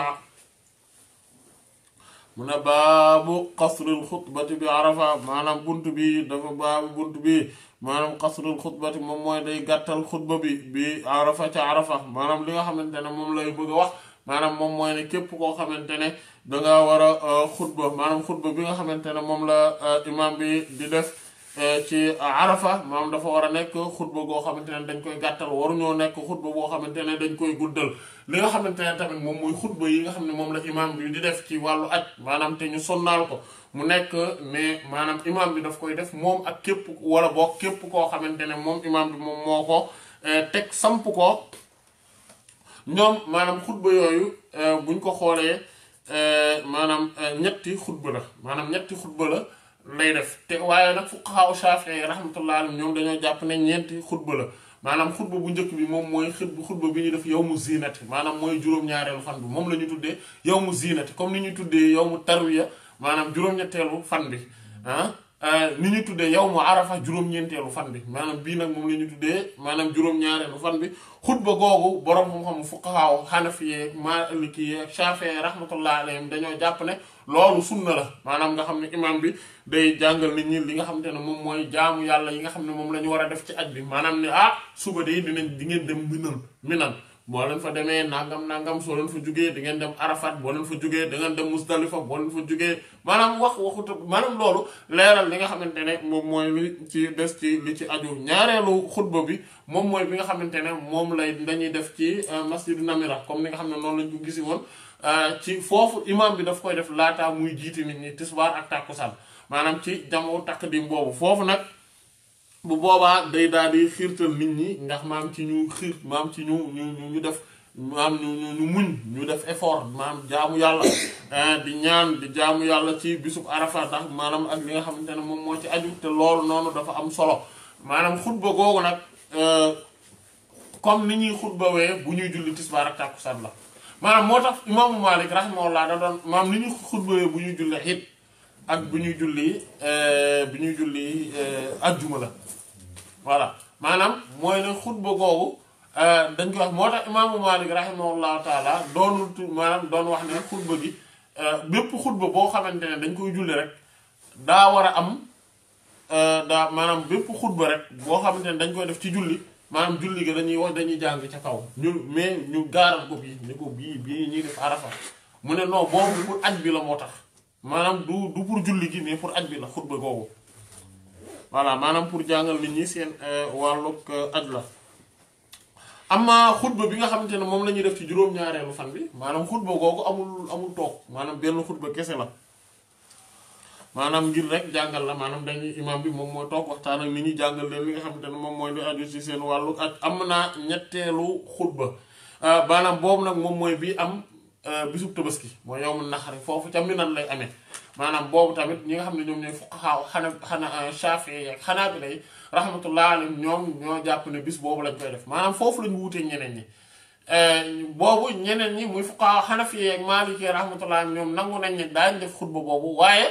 muna babu qasr al-khutbah bi arafa manam buntu bi dafa babu buntu bi manam qasr al-khutbah mom moy day gatal xutba bi bi arafa ta arafa manam li nga xamante ne moom lay bëgg wax manam mom moy ne kep ko xamantene dangaa war a euh, xutba maanaam xutba bi nga xamante ne moom la euh, imam bi di def euh, ci arafa maanaam dafa war a nekk xutba goo xamante ne dañ koy gàttal waruñoo nekk xutba boo xamante ne dañ koy guddal li nga xamante ne tamit moom mooy xutba yi nga xam ne moom la imam bi di def ci wàllu aj maanaam te ñu sonnaal ko mu nekk ne maanaam imam bi daf koy def moom ak képp wala boog képp koo xamante ne moom imam bi moom moo ko teg samp ko ñoom maanaam xutba yooyu buñ ko xoolee Eh, maanaam eh, ñetti xutba la maanaam ñetti xutba la lay def te waaye nag fuqahaa Shaafi'i rahmatullahi alayhim ñoom dañoo jàpp ne ñeenti xutba la maanaam xutba bu njëkk bi moom mooy xutba xutba bi ñu def mu ziinati maanaam mooy juróom-ñaareelu fan bi moom la ñu tuddee mu ziinati comme ni ñu tuddee yawmu tarwiya maanaam juróom-ñetteelu fan bi ah li euh, ñu tuddee yow mu arafa juróom-ñeenteelu fan bi maanaam bii nag moom la ñu tuddee maanaam juróom-ñaareelu fan bi xutba googu borom xam-xam fuqahaa xanafiyee maaliki shafii rahmatullah alayhim dañoo jàpp ne loolu sunna la maanaam nga xam ne imam bi day jàngal nit ñi li nga xam te ne moom mooy jaamu yàlla yi nga xam ne moom la ñu war a def ci aj bi maanaam ne ah suba de dinañ di ngeen dem minal minal boo leen fa demee nangam nangam soo leen fa jógee da dem arafat boo leen fa jugee da ngeen dem mustalifa boo leen fa jugee maanaam wax waxuta maanaam loolu leeral li nga xamante ne moom mooy li ci des ci li ci aju ñaareelu xutba bi moom mooy bi nga xamante ne moom lay dañuy def ci euh, masjidu namira comme li nga xam ne noonu lañ ko gisi woon euh, ci foofu imam bi daf koy def laataa muy jiiti nit ñi tisbaar ak tàkkusaan maanaam ci jamono takk dim boobu foofu nag bu boobaa day daal di xiirtal nit ñi ndax maam ci ñu xiir maam ci ñu ñu def maam ñu muñ ñu def effort maam jaamu yàlla <coughs> di ñaan di jaamu yàlla ci bisub arafa ndax maanaam ak li nga xamante ne moom moo ci aju te loolu noonu dafa am solo maanaam xutba googu nag euh, comme ni ñuy xutbawee bu ñuy julli tisbaar ak tàkkusaan la maanaam moo tax imaamu Maalik rahimahullah da doon maam ni ñuy xutbawee bu ñuy julli xit ak bu ñuy julli euh, bu ñuy julli euh, ajjuma la voilà maanaam mooy ne xutba googu euh, dañ koy wax moo tax imaamu Maalik rahimahullahu taala doonul maanaam doon wax ne xutba gi euh, bépp xutba boo xamante ne dañ koy julli rek daa war a am euh, daa maanaam bépp xutba rek boo xamante ne dañ koy def ci julli maanaam julli gi dañuy wax dañuy jàng ca kaw ñu mais ñu gaaral ko bii ñu ko bii bii ñuy def arafa mu ne non boobu pour aj bi la moo tax maanaam du du pour julli gi mais pour aj bi la xutba googu wala manam pour jangal nit ñi seen euh, waluk adla euh, amma khutba bi nga xamantene mom lañu la def ci juróom-ñaareelu fan bi manam khutba gogo amul amul tok manam benn khutba kese la manam ngir rek jangal la manam dañuy imam bi mom mo tok waxtaan ak nit ñi jangal leen nga xamantene mom moy lu addu ci seen waluk ak amna ñettelu khutba euh, manam bobu nak mom moy bi am bisub tabaski mo yow mu naxari ca minan lay amé manam bobu tamit ñi nga xamne ñom ñoy ñooy xana xana Shaafi'i ak Xanaabila yi rahmatullah alayhim ñom ñoo jàpp ne bis bobu lañ koy def manam fofu lañ wuté ñeneen ñi euh bobu ñeneen ñi muy fuqahaa Xanafi ak maliki rahmatullah ñom nangu nañ ne daañ def khutba bobu waye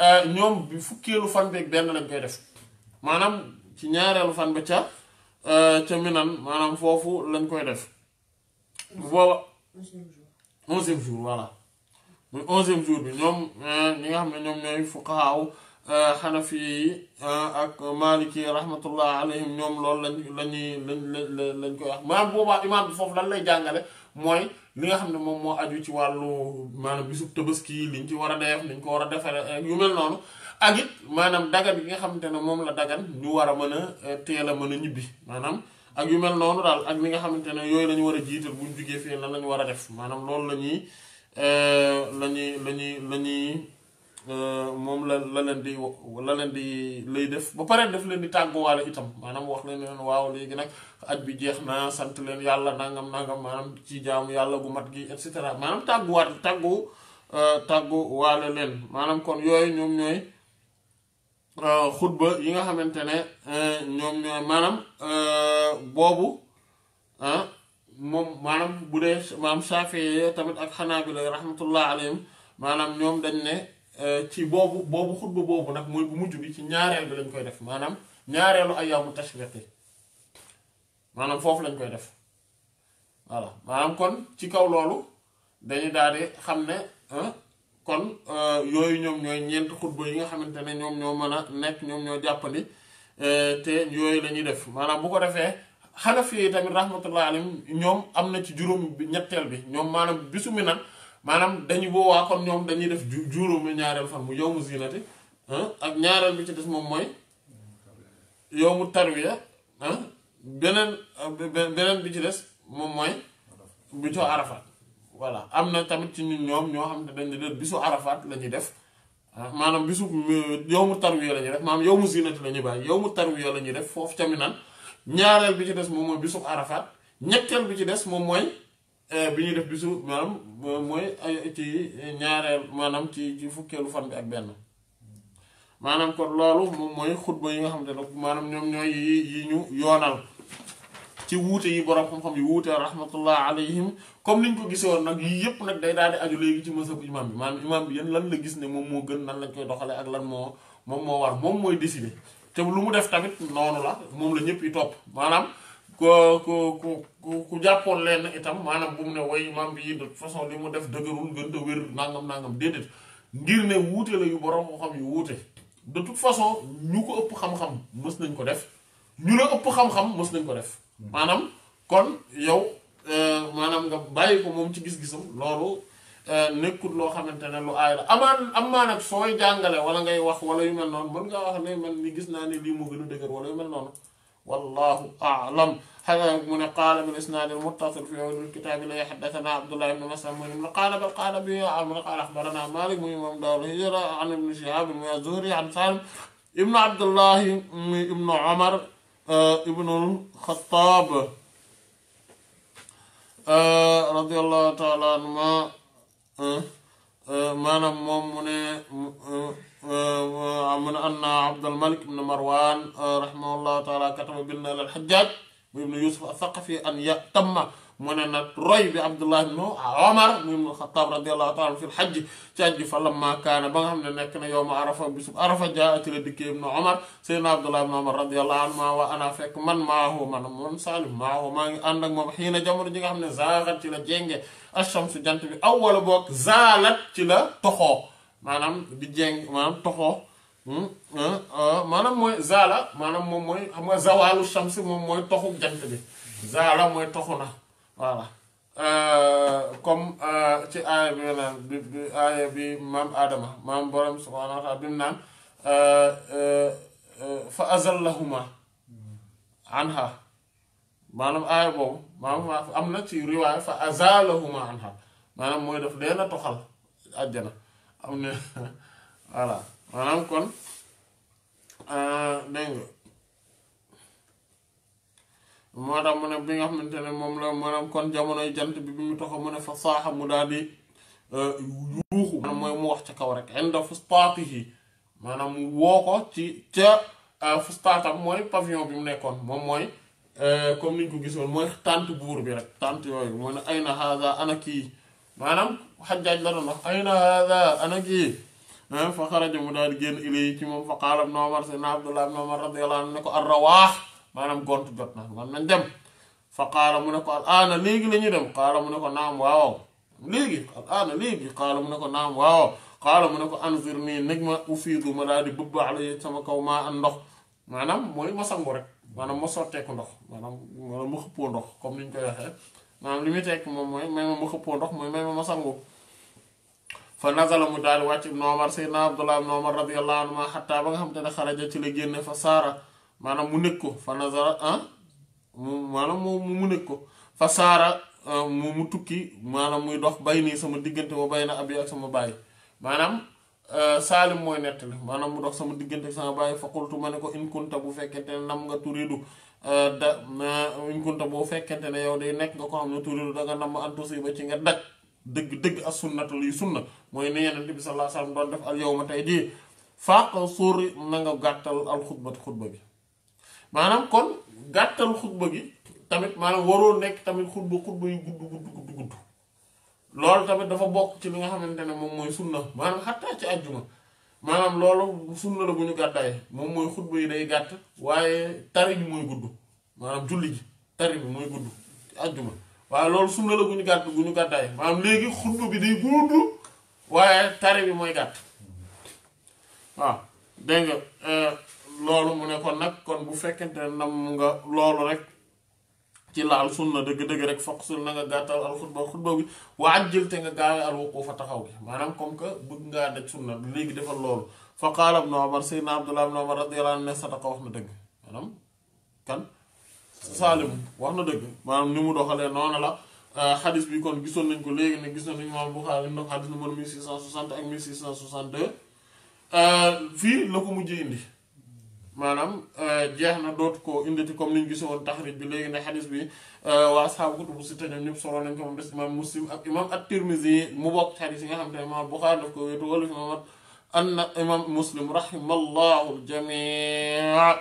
euh ñom bi fukkelu fan beeg ben lañ koy def manam ci ñaarelu fan ba ca euh ca Minan manam fofu lañ koy def bobu 11 jours 11 jours voilà muy onzième jour bi ñoom euh, ñi nga xam ne ñoom ñooy fuqahaaw xanafi euh, yi euh, ak maliki rahmatullah alayhim ñoom loolu lañ lañuy lañ lañ koy wax maanaam boobaa imaam foofu lan lay jàngale mooy li xam ne moom moo aju ci wàllu maanaam bisub tabaski liñ ci war a def liñ ko war a defare yu mel noonu ak it maanaam dagan yi nga xamante ne moom la dagan ñu war a mën a teel a mën a ñibbi maanaam ak yu mel noonu daal ak li nga xamante ne yooyu la ñu war a jiital buñ jugee fii lan lañu war a def maanaam loolu la ñuy Euh, la ñuy lañuy ñuy la euh, moom la la leen di la leen di lay def ba pare def leen di tàgguwaale itam maanaam wax leen waaw léegi nag at bi jeex naa sant leen yàlla nangam nangam maanaam ci jaamu yàlla gu mat gi et cetera maanaam tàgguwaat tàggu euh, tàgguwaale leen maanaam kon yooyu ñoom ñooy xutba yi nga xamante ne ñoom ñooy maanaam boobu ah, moom maanaam bu dee maam Shafi'i tamit ak xanaa Xanaabila rahmatullah alayhim maanaam ñoom dañ ne euh, ci boobu boobu xutba boobu nag mooy bu mujj bi ci ñaareel bi lañ koy def maanaam ñaareelu ayyaamu tashriiq yi maanaam foofu lañ koy def voilà maanaam kon ci kaw loolu dañu daal xam ne kon euh, yooyu ñoom ñooy ñeent xutba yi nga xamante ne ñoom ñoo mën a nekk ñoom ñoo jàppandi euh, te yooyu lañuy def maanaam bu ko defee. xanafi yi tamit rahmatullahi ñoom am na ci juróom ñetteel bi ñoom maanaam bisu mi maanaam dañu boobaa kon ñoom dañuy def juróomi ñaareel fan mu yowmu zinati ak ñaareel bi ci des moom mooy yowmu tarwiya beneen beneen bi ci des moom mooy bisu arafat voilà am na tamit ci ñun ñoom ñoo xam ne dañu def bisu arafat la ñuy def maanaam bisu euh, yowmu tarwiya la ñuy def yow mu zinati la ñuy bàyyi mu tarwiya la ñuy def foofu ca mi nan ñaareel bi ci des moom mooy bisu arafat ñetteel bi ci des moom mooy euh, bi ñu def bisu maanaam euh, mooy ay euh, ci ñaareel maanaam ci ci fukkeelu fan bi ak benn maanaam kon loolu moom mooy xutba yi nga xam te ne maanaam ñoom ñooy yi yi ñu yoonal ci wuute yi borom xam-xam yi wuute rahmatullah alayhim comme niñ ko gisee woon nag yii yëpp nag day daal di aju léegi ci mësabu imam bi maanaam imam bi yan lan la gis ne moom moo gën nan lañ koy doxale ak lan moo moom moo war moom mooy décider te lu mu def tamit noonu la moom la ñëpp yi topp maanaam ko ku ku ku jàppoon leen itam maanaam bu mu ne way maam bi de façon li mu def dëgërul gën a wér nangam nangam déedéet ngir ne wuute la yu borom ko xam yu wuute de façon ñu ko ëpp xam-xam mës nañ ko def ñu la ëpp xam-xam mës nañ ko def maanaam kon yow euh, maanaam nga bàyyi ko moom ci gis-gisam loolu nekkul loo xamantene lu aay la amaan amaan nag sooy jàngale wala ngay wax wala yu mel noonu mën ngaa wax ne man ni gis naa ne lii moo gën a dëgër wala yu mel noonu wallahu a'lam xanaa mu ne qaala bil isnaad al muttasil fi awwal kitaab la haddathanaa Abdullah ibn Mas'ud mu ne qaala bal qaala bi mu ne qaala akhbaranaa malik muy imaam Daaru Hijra an ibn shihab muy az-Zuhri an salim ibn Abdullah ibn Umar ibn al khattab رضي الله تعالى anhumaa maanaam moom mu ne mu ne anna abdalmalik ibn marwan rahimahullahu taala kataba binna lal xajjaaj mu ibnu yusuf athaqafi an ya tamma mu ne nag roy bi abdullah ibn omar mu ibnu alxataab radiallahu taala fi lxajj ci ajji fa lamma kaana ba nga xam ne nekk na yowma arafa bisub arafa jaa ci la dikkee ibnu omar seydna abdullah ibn omar radiallahu anhu ma wa ana fekk man maahu man man saalim maahu maa ngi ànd ak moom xiina jamono ji nga xam ne zaaxat ci la jénge ash-shamsu jant bi aw wala boog zaalat ci la toxoo maanaam di jeng maanaam toxoo hmm? euh, euh, maanaam mooy zaala maanaam moom mooy xam nga zawaalu shamsi moom mooy toxu jant bi zaala mooy toxu na voilà euh, comme ci aaya bi naan bi bi aaya bi maam Adama maam borom subhaanahu wa bi naan fa azallahuma anha manam ay bob manam amna ci riwaya fa azalahuma anha manam moy daf leena tokhal aljana amna wala manam kon euh nga moo tax mu ne bi nga xamantene mom la manam kon jamono jant bi bi tokha mo ne fa saha mu dadi euh yuuxu manam mooy mu wax ci kaw rek inda fustaatihi maanaam mu woo ko ci ca fustaatam mooy pavillon bi mu nekkoon moom mooy Euh, comme niñ ko gisoon mooy tànt buur bi rek tant yooyu moo ne ayna haza ana kii maanaam xajjaaj la doon wax ayna haza ana kii fa xaraja mu daal génn ilay ci moom fa qaala mu ne ko al-aana léegi la ñu dem qaala mu ne ko naam waaw léegi al-aana qaala mu ne ko naam waaw qaala mu ne ko anzirnii nag ma ufiidu ma daal bëbb alayhi sama kaw maa an ndox maanaam mooy ma sangu rek maanaam ma sotteeku ndox maanaam maanaam ma xëppoo ndox comme ni ñu koy waxee maanaam li muy tekk moom mooy may ma xëppoo ndox mooy may ma ma sangu fa nazala mu daal wàcc ibnu omar seydna abdullah ibnu omar radiallahu anhu ba nga xam te ne xaraja ci la génne fa saara maanaam mu nekk ko fa nazala ah mu maanaam mu mu ko fa saara ah, mu mu tukki maanaam muy dox bay nii sama diggante ma bay na ab yi ak sama bàyyi maanaam Euh, salim moy nettali manam mu dox sama diggante sama baye faqultu qultu in kunta bu fekkente nam nga turidu euh, da in kunta bo fekkente ne yow day nek nga ko xam ne turidu da nga nam antusi ba ci nga dag deug deug as sunnatul sunna moy ne yenen nabi sallallahu alaihi wasallam don def al yawma tay di faq nga gattal al khutbat khutba bi manam kon gattal khutba bi tamit manam waro nek tamit khutba khutba yu gudd gudd gudd gudd loolu tamit dafa bokk ci li nga xamante ne moom mooy sunna maanaam xattaa ci àjjuma maanaam loolu sunna la bu ñu gàddaay moom mooy xutba yi day gàtt waaye tari bi mooy gudd maanaam julli tari bi mooy gudd ci àjjuma loolu sunna la bu ñu gàtt léegi xutba bi day gudd waaye bi mooy gàtt dégg nga euh, loolu mu ne kon nag kon bu fekkente ne nam nga loolu rek ci laal sunna dëgg-dëgg rek foog sunna nga gàttal al xutba xutba bi waaj jël te nga gaawee al wuquufa taxaw gi maanaam comme que bëgg ngaa daj sunna léegi defal loolu fa qaala ibnu Umar sayyidina Abdullah ibnu Umar radiyallahu anhu ne wax na dëgg maanaam kan Saalim na dëgg maanaam ni mu doxalee noonu la euh, xadis bi kon gisoon nañ ko léegi ne gisoon nañ imaam Buxaari nag xadis numéro 1660 ak 1662 euh, fii la ko mujjee indi maanaam euh, jeex na dootu ko indati comme ni ñu gisoon taxrij bi léegi ne xadis bi euh, waa asxaabu kutubu sitta ñoom ñëpp solo nañ ko moom des imam ak imam at mu bokk xadis yi nga xam te ma buxaari daf ko wéetu wala imam anna imam muslim rahimallahu aljamii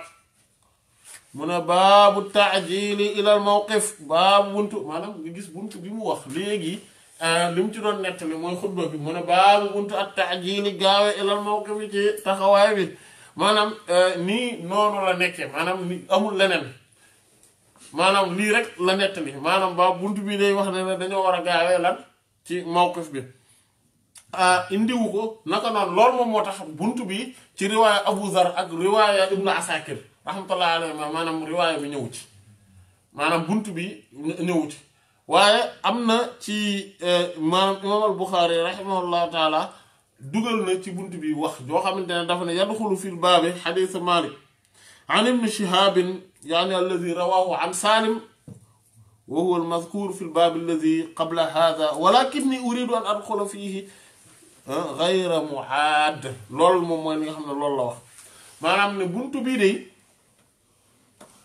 mu ne baabu taajili ilal mawqif baabu buntu maanaam nga gis buntu bi mu wax léegi euh, li mu ci doon nettali mooy xutba bi mu ne baabu buntu at taajili gaawe ilal mawqif yi taxawaay bi maanaam euh, nii noonu la nekkee maanaam ni amul leneen maanaam lii rek la nett nettali maanaam ba bunt bi day wax ne dañoo war a gaawee lan ci mawqif bi ah, indiwu ko naka noonu loolu moom moo tax bunt bi ci riwaaya Abu Zar ak riwaaya Ibnu Asakir rahmatullahi alayhi maanaam riwaaya bi ñëwu ci maanaam bunt bi ñëwu waaye am na ci euh, maanaam imaam al Buxaari rahimahullahu dugal na ci bunt bi wax joo xamante ne dafa ne yadxulu fil baabi xadiisa malik an ibni shihabin yaani alladi rawahu an salim wa huwa almadkur fi lbaabi alladi qabla hada walakinni uridu an adxula fihi gayra muaad loolu moom mooy li nga xam ne loolu la wax maanaam ne bunt bii de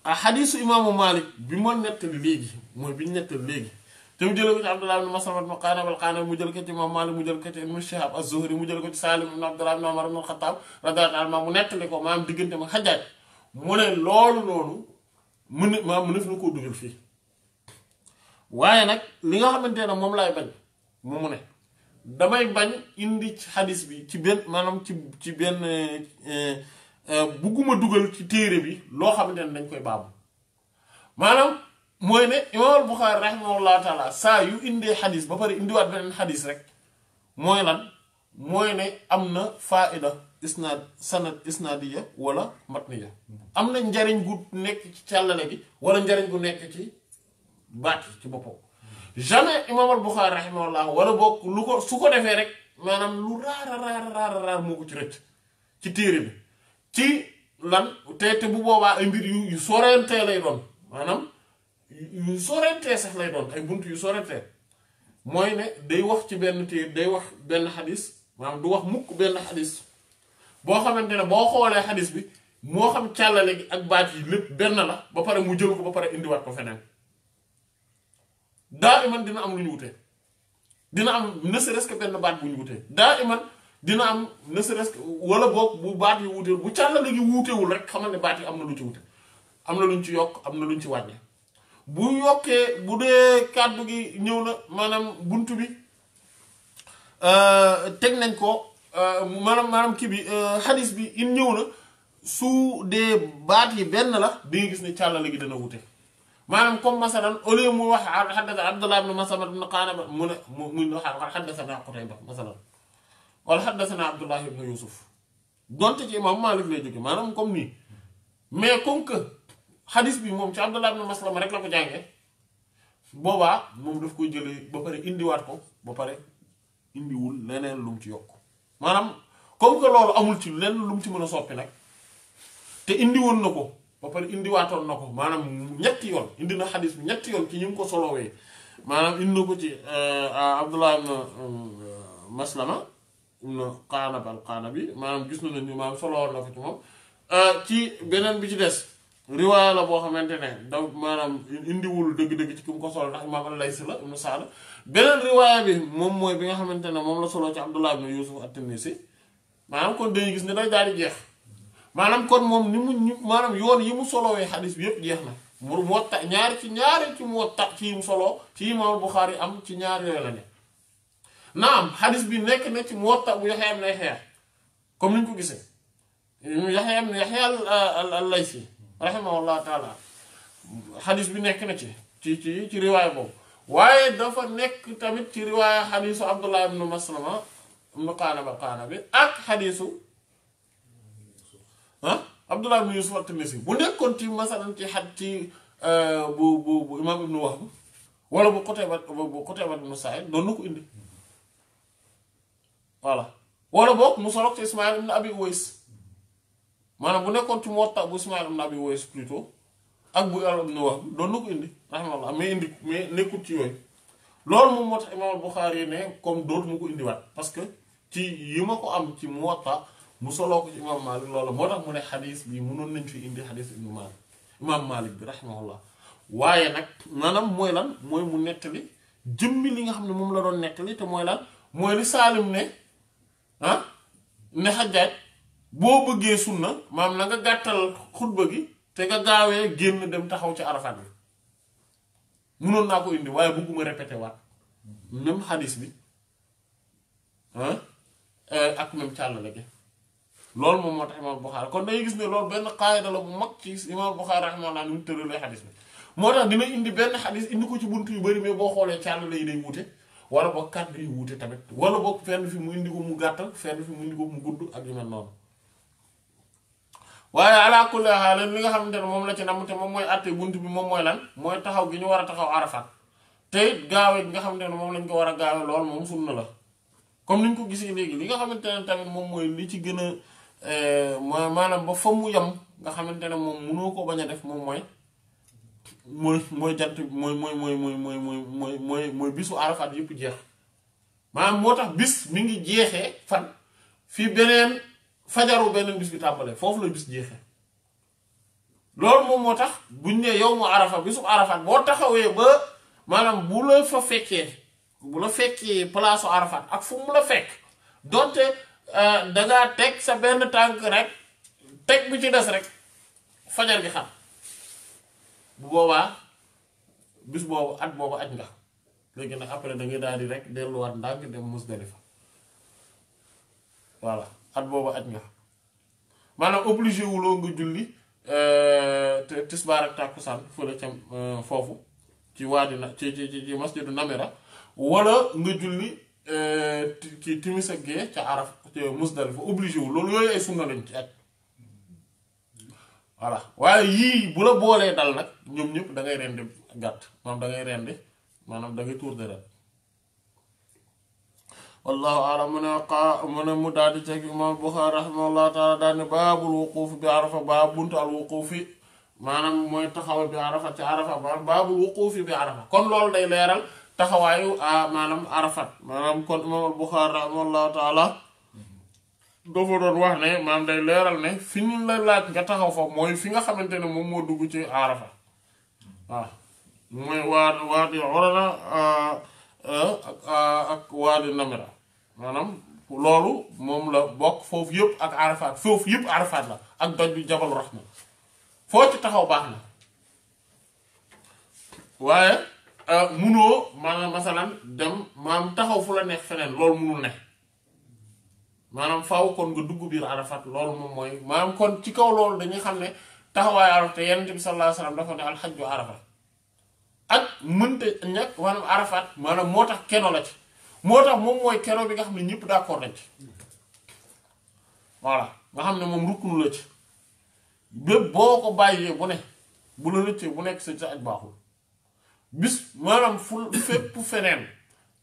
a xadiisu imaamu malik bi ma nettali léegi mooy bi ñu nettali léegi te mu jëlee ko ci Abdullah ibn Maslama ibn Qa'nab al-Qa'nabi mu jël ko ci Imam Malik mu jël ko ci Ibn Shihab az-Zuhri mu jël ko ci Salim ibn Abdullah ibn Umar ibn al-Khattab radiyallahu anhu mu nettali ko maanaam diggante ma Hajjaj mu ne loolu loolu mën na maanaam mënef na koo dugal fii waaye nag li nga xamante ne moom laay bañ mu mu ne damay bañ indi ci xadis bi ci benn maanaam ci ci benn euh, euh, bugguma dugal ci téere bi loo xamante ne dañ koy baabu maanaam mooy ne imaam al Buxaari rahimahullahu taala saa yu indee xadis ba pare indiwaat beneen xadis rek mooy lan mooy ne am na faida isnaad sanad isnaadiya wala matniya am na njariñ gu nekk ci càllale gi wala njariñ gu nekk ci baat yi ci boppam jamais imaam al Buxaari rahimahullah wala bokk lu ko su ko defee rek maanaam lu raara raara raara moo ko ci rëcc ci téere bi ci lan te te bu boobaa ay mbir yu yu sorentee lay doon maanaam yu sorentee sax lay doon ay bunt yu sorentee mooy ne day wax ci benn téer day wax benn xalis maanaam du wax mukk benn xalis boo xamante ne boo xoolee xadis bi moo xam càllale gi ak baat yi lépp benn la ba pare mu jël ko ba pare indiwaat ko feneen daa iman dina am lu ñu wute dina am ne serait que benn baat bu ñu wutee daa iman dina am ne serait-ce que wala boog bu baat yu wutee bu càllale gi wuutewul rek xamal ne baat yi am na lu ci wute am na luñ ci yokk am na luñ ci wàññi bu yokkee bu dee kàddu gi ñëw na maanaam bunt bi euh, teg nañ ko euh, maanaam maanaam kii bi xadis euh, bi in ñëw na su dee baat yi benn la di nga gis ne la gi dana wute maanaam comme masalan au mu wax xaddasa abdullah ibn masamad ibn qaanaba mu ne mu ne xaddasana qutayba masalan wala xaddasana abdullah ibn ci imam malik lay jóge maanaam comme nii mais comme que xadis bi moom ci Abdullah ibn Maslama rek la ko jàngee boobaa moom daf koy jëlee ba pare indiwaat ko ba pare indiwul leneen lu ci yokk maanaam comme que loolu amul ci lenn lu ci mën a soppi nag te indiwoon na ko ba pare indiwaatoon na ko maanaam ñetti yoon indi na xadis bi ñetti yoon ci ngi ko solowee maanaam indi ko ci euh, Abdullah ibn euh, Maslama ibn Qanab al-Qanabi maanaam gis na ne ñu maanaam solowoon na ko ci moom euh, ci beneen bi ci des. riwaaya la boo xamante ne da maanaam indiwul dëgg-dëgg ci ki mu ko sol ndax imaam al la ibnu Sa'd beneen riwaaya bi moom mooy bi nga xamante ne moom la soloo ci Abdullah ibn Yusuf at-Tinnisi maanaam kon dañuy gis ne day daal di jeex maanaam kon moom ni mu ñu maanaam yoon yi mu solowee xadis bi yépp jeex na mu Muwatta ñaari ci ñaari ci Muwatta ci mu soloo ci imaam Buxaari am ci ñaari yooyu la ne naam xadis bi nekk na ci Muwatta bu Yaxya ibn Yaxya comme ni ñu ko gisee Yaxya ibn Yaxya al-Laythi rahimahullah taala xadis bi nekk na ci ci ci riwaay boobu waaye dafa nekk tamit ci riwaaya xadisu abdullah ibnu maslama ibnu qaanab al-qaanabi ak ibnu yusuf at-tinnisi bu nekkoon ci masalan ci xad ci euh, bu bu bu imaam ibnu wahb wala bu qutayba bu qutayba ibnu sa'id doon na ko indi voilà wala boog mu solog ci ismail ibnu abi uways maanaam bu nekkoon ci Muwatta bu Ismaïl ibn Abi Uways plutôt ak bu Iyaad ibn Wahb doon na ko indi rahimahullah mais indi mais nekkul ci yooyu loolu moom moo tax Imaam Buxaari ne comme dootu indiwaat parce que ci yi ma ko am ci Muwatta mu soloo ko ci Imaam Maalik loolu moo tax mu ne xadis bi mënoon nañ fi indi xadis ibnu Maalik Imaam Maalik bi rahimahullah waaye nag maanaam mooy lan mooy mu nettali jëmmi li nga xam ne moom la doon nettali te mooy lan mooy li Saalim ne ah ne Xajjaaj boo bëggee sunna maam na nga gàttal xutba gi te nga gaawee génn dem taxaw ci arafat bi munoon naa ko indi waaye bëgguma répété waat même xadis bi euh, ak même càllale gi loolu moom moo tax imaam Buxaari kon day gis ne loolu benn qaayida la bu mag ci imaam Buxaari raximahullah ni mu tëralee xadis bi moo tax dina indi benn xadis indi ko ci bunt yu bari mais boo xoolee càllale yi day wute wala boog kàddu yu wute tamit wala boog fenn fi mu indi ko mu gàttal fenn fi mu gudd ak yu noonu waye ala kulli hal li nga xamantene mom la ci namte te moy atté buntu bi mom moy lan moy taxaw gi ñu wara taxaw arafat te it gaawe nga xamantene mom lañ ko wara a lool mom sunna la comme niñ ko gisee léegi li nga xamantene tam mom moy li ci gëna euh manam ba fa mu yem nga xamantene mom mëno ko baña def mom moy moy moy jant moy moy moy moy moy moy moy moy bisu arafat yëpp jeex manam motax bis mi ngi jeexee fan fi benen fajaru beneen bis bi tàmbalee foofu la bis jeexee loolu moom moo tax bu buñ ne yow mu arafa bisu arafaat boo taxawee ba maanaam bu la fa fekkee bu la fekkee palaasu arafaat ak fu mu la fekk donte euh, dangaa teg sa benn tànk rek teg bi ci des rek fajar gi xam bu boobaa bis boobu ak boobu aj nga léegi nag après da ngay daal di rek delluwaat ndànk dem Musdalifa voilà nga obligé lo nga julli euh, euh, ci ci masjidu wala nga julli ki euh, obligé wu ay sunna voilà bu la dal vous da ngay da ngay da ngay wallahu alam mu ne mu ne mu daal di teg imaam Buxaari rahimahullahu taala daal baabul wuquuf bi arafa baab buntu al wuquufi maanaam mooy taxaw bi arafa ci arafa baabul wuquufi bi arafa kon loolu day leeral taxawaayu maanaam arafat maanaam kon imaam Buxaari rahimahullahu taala dafa doon wax ne maanaam day leeral ne fi ñu la laaj nga taxaw fa mooy fi nga xamante ne moom moo dugg ci arafa waaw mooy waat waat yi orona ak waadi namira manam lolu mom la bok fofu yep ak arafat fofu yep arafat la ak doj bi jabal rahma fo ci taxaw baax na euh muno manam masalan dem manam taxaw fu la nekh fenen lolu munu nekh manam faaw kon nga dugg bir arafat lolu mom moy manam kon ci kaw lolu dañu xamne taxaway arafat te yonent bi sallallahu alayhi wasallam dafa ne alxajju arafa ak arafat maanaam moo tax la ci moo tax moom mooy keroog bi nga xam ne ñëpp d'accord nañ ci voilà nga xam ne moom rukkunu la ci bépp boo ko bàyyee bu ne bu la rëccee bu nekk sa sa aj baaxul bis maanaam ful fépp feneen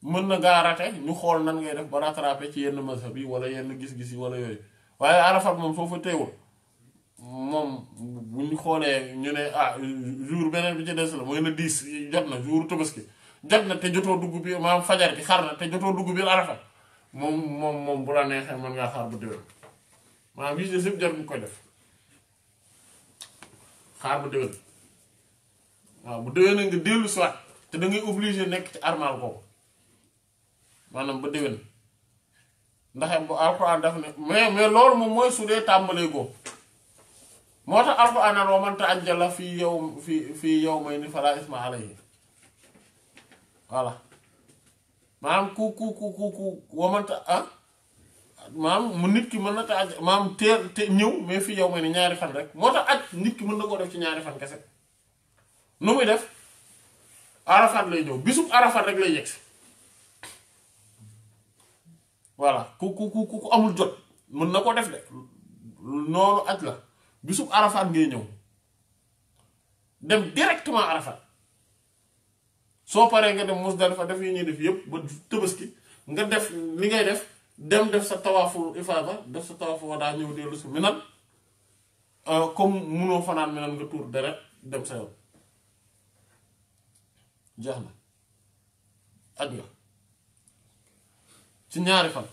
mën na gaa rate ñu xool nan ngay def ba rattrapé ci yenn mazhab yi wala yenn gis-gis yi wala yooyu waaye Arafat moom soo fa teewul moom bu ñu xoolee ñu ne ah jour beneen bi ci des la mooy na 10 jot na jour Tabaski jot na te jotoo dugg bi maanaam fajar gi xar na te jotoo dugg biir arafa moom moom moom bu la neexee mën ngaa xaar ba déwén maanaam huit jours bu déwén na nga dellu te da ngay obligé nekk ci armal boobu maanaam ba déwén bu alxuraan daf mais loolu moom mooy su dee tàmbalee ko moo tax alxuraan naan wa man ta'ajjala fii yow fii fii yawmayni falaa isma alayhi voilà maanaam ku ku ku ku ku wamanta ah nit ki mën na ta aj maanaam teel te ñëw mais fii yow ma ne ñaari fan rek moo tax aj nit ki mën na koo def ci ñaari fan kese nu muy def arafat lay ñëw bisub arafat rek lay yegsi voilà ku ku ku ku amul jot mën na koo def de noonu aj la bisub arafat ngay ñëw dem directement arafat soo paree nga dem Musdalifa def yi ñuy def yëpp ba Tabaski nga def li ngay def dem def sa tawaafu ifaada def sa tawaafu wadaa ñëw dellu si Minan euh, comme munoo fanaan Minan nga tuur deret dem sa yoon jeex na ak nga ci ñaari fan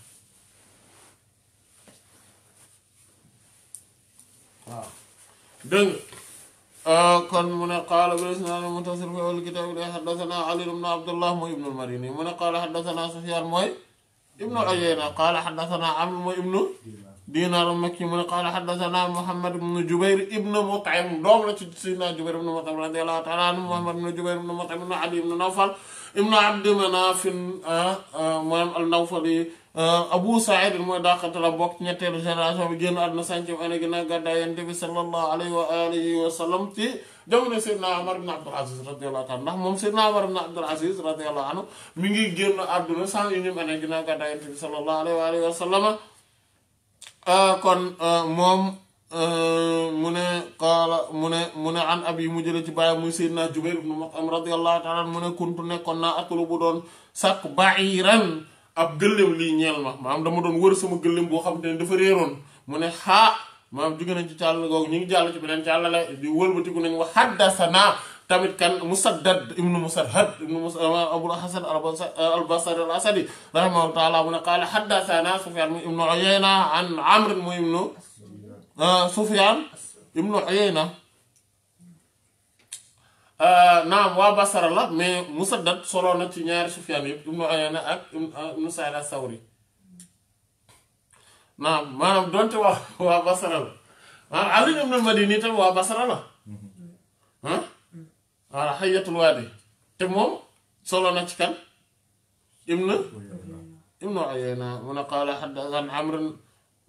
waaw kon mu ne qaala bil-isnaad al-muttasil fi awwal kitaab li haddasanaa Ali ibn Abdullah mooy ibnu al-Madini mu ne qaala haddasanaa Sufyaan mooy ibnu Uyayna qaala haddasanaa Amr mooy ibnu Diinaar al-Makki mu ne qaala haddasanaa Muhammad ibnu Jubayr ibnu Mut'im doom la ci Sayyidinaa Jubayr ibnu Mut'im radiyallaahu ta'aalaa anhu Muhammad ibnu Jubayr ibnu Mut'im ibnu Ali ibnu Nawfal ibnu Abdi Manaaf maanaam al-Nawfali Eh, Abu Saïd mooy daqantala la bok ñetteelu generation bi gennu aduna sanjum ene gina gadda Yonent bi sallallahu alayhi wa alihi wa sallam ci jamono sirna amar ibn Abdul Aziz radiyallahu ta'ala ndax mom sirna amar ibn Abdul Aziz radiyallahu anhu mi ngi gennu aduna cent ñu ene gina gadda Yonent bi sallallahu alayhi wa alihi wa sallam eh, kon eh, mom mu qala qaala mu an abi mu jële ci baye mu sirna jubair ibn Mut'im radiyallahu ta'ala mu kuntu nekkon na aklu bu doon sak ba'iran ab gëléem lii ñeel ma maanaam dama doon wër suma gëléem boo xam te ne dafa réeroon mu ne xaa maanaam jóge nañ ci càll googu ñu ngi jàll ci beneen càllale di wëlbatiku nañ wa haddasana tamit kan musaddad ibnu musarhad ibnu musa abul hasan albasari al asadi rahimahu taala mu ne qaala haddasana sufyaan mu ibnu uyayna an amrin mu ibnu ah, sufyaan ibnu uyayna Euh, naam waa Basara la mais Musaddad solo na ci ñaari Sufyaan yëpp Ibnu Uyayna ak euh, Ibnu Sa'iid as-Sawri naam maanaam donte waa waa Basara la maanaam ah, Ali ibn al-Madini tam waa Basara la mm-hmm. ah voilà Hayyatul Waadi te moom solo na ci kan Ibnu Ibnu Uyayna mu ne qaala haddasanaa Amr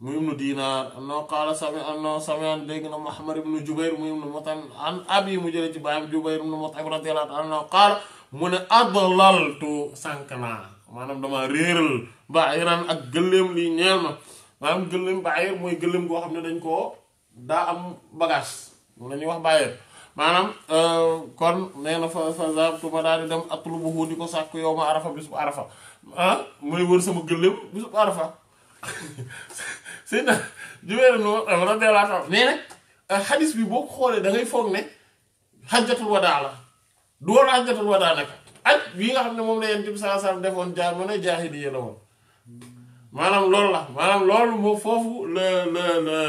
muy ibnu dinar annahu qaala sami annahu samian dégg na muhammad ibnu jubair muy ibnu mutan, an abi mu jële ci baayam jubair ibnu mutim radiyallahu anhu qaala mu ne adlaltu sànq naa dama réeral ba'iran ak gëléem lii ñeel ma maanaam gëléem ba'ir mooy gëléem goo xam ne dañ koo daa am bagage mu wax ba'ir euh, kon nee na fa fa zabtu ma daal di dem atlubuhu ma arafa bisu arafa ah muy wër sama gëléem bisub arafa <laughs> Seydina Jubayr ibn Mut'im radiyallahu anhu nee na xadis euh, bi boo ko xoolee dangay ngay foog ne xajjatul wadaa la du woon xajjatul wadaa nag aj bii nga xam ne moom la yonent bi sallallahu alayhi wasallam defoon jaar mën a jaahiliya la woon maanaam loolu la maanaam loolu moo foofu la la la.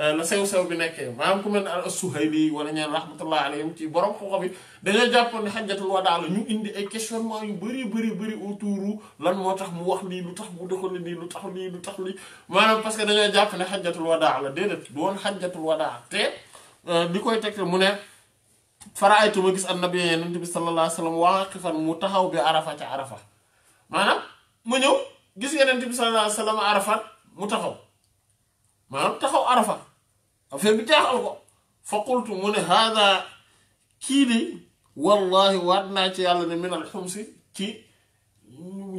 Euh, la sew-sew bi nekkee maanaam ku mel ne al Suhayli wala ñeen rahmatullah alayhim ci borom xam-xam yi dañoo jàppoon ne xajjatul wadaa la ñu indi ay questionnement yu bëri bëri bëri autour lan moo tax mu wax lii lu tax mu doxali lii lu tax lii lu tax maanaam parce que dañoo jàpp ne xajjatul wadaa la déedéet du woon xajjatul wadaa te euh, li koy tegte mu ne faraaytu ma gis annabi yonent bi sallallahu alayhi wa sallam waaqifan mu taxaw bi arafa ca arafa maanaam ma ñëw gis yonent bi sallallahu mu taxaw maanaam affaire bi jaaxal ko fa qultu mu ne haada kii di wallahi waat naa ci yàlla ne min al xumsi ci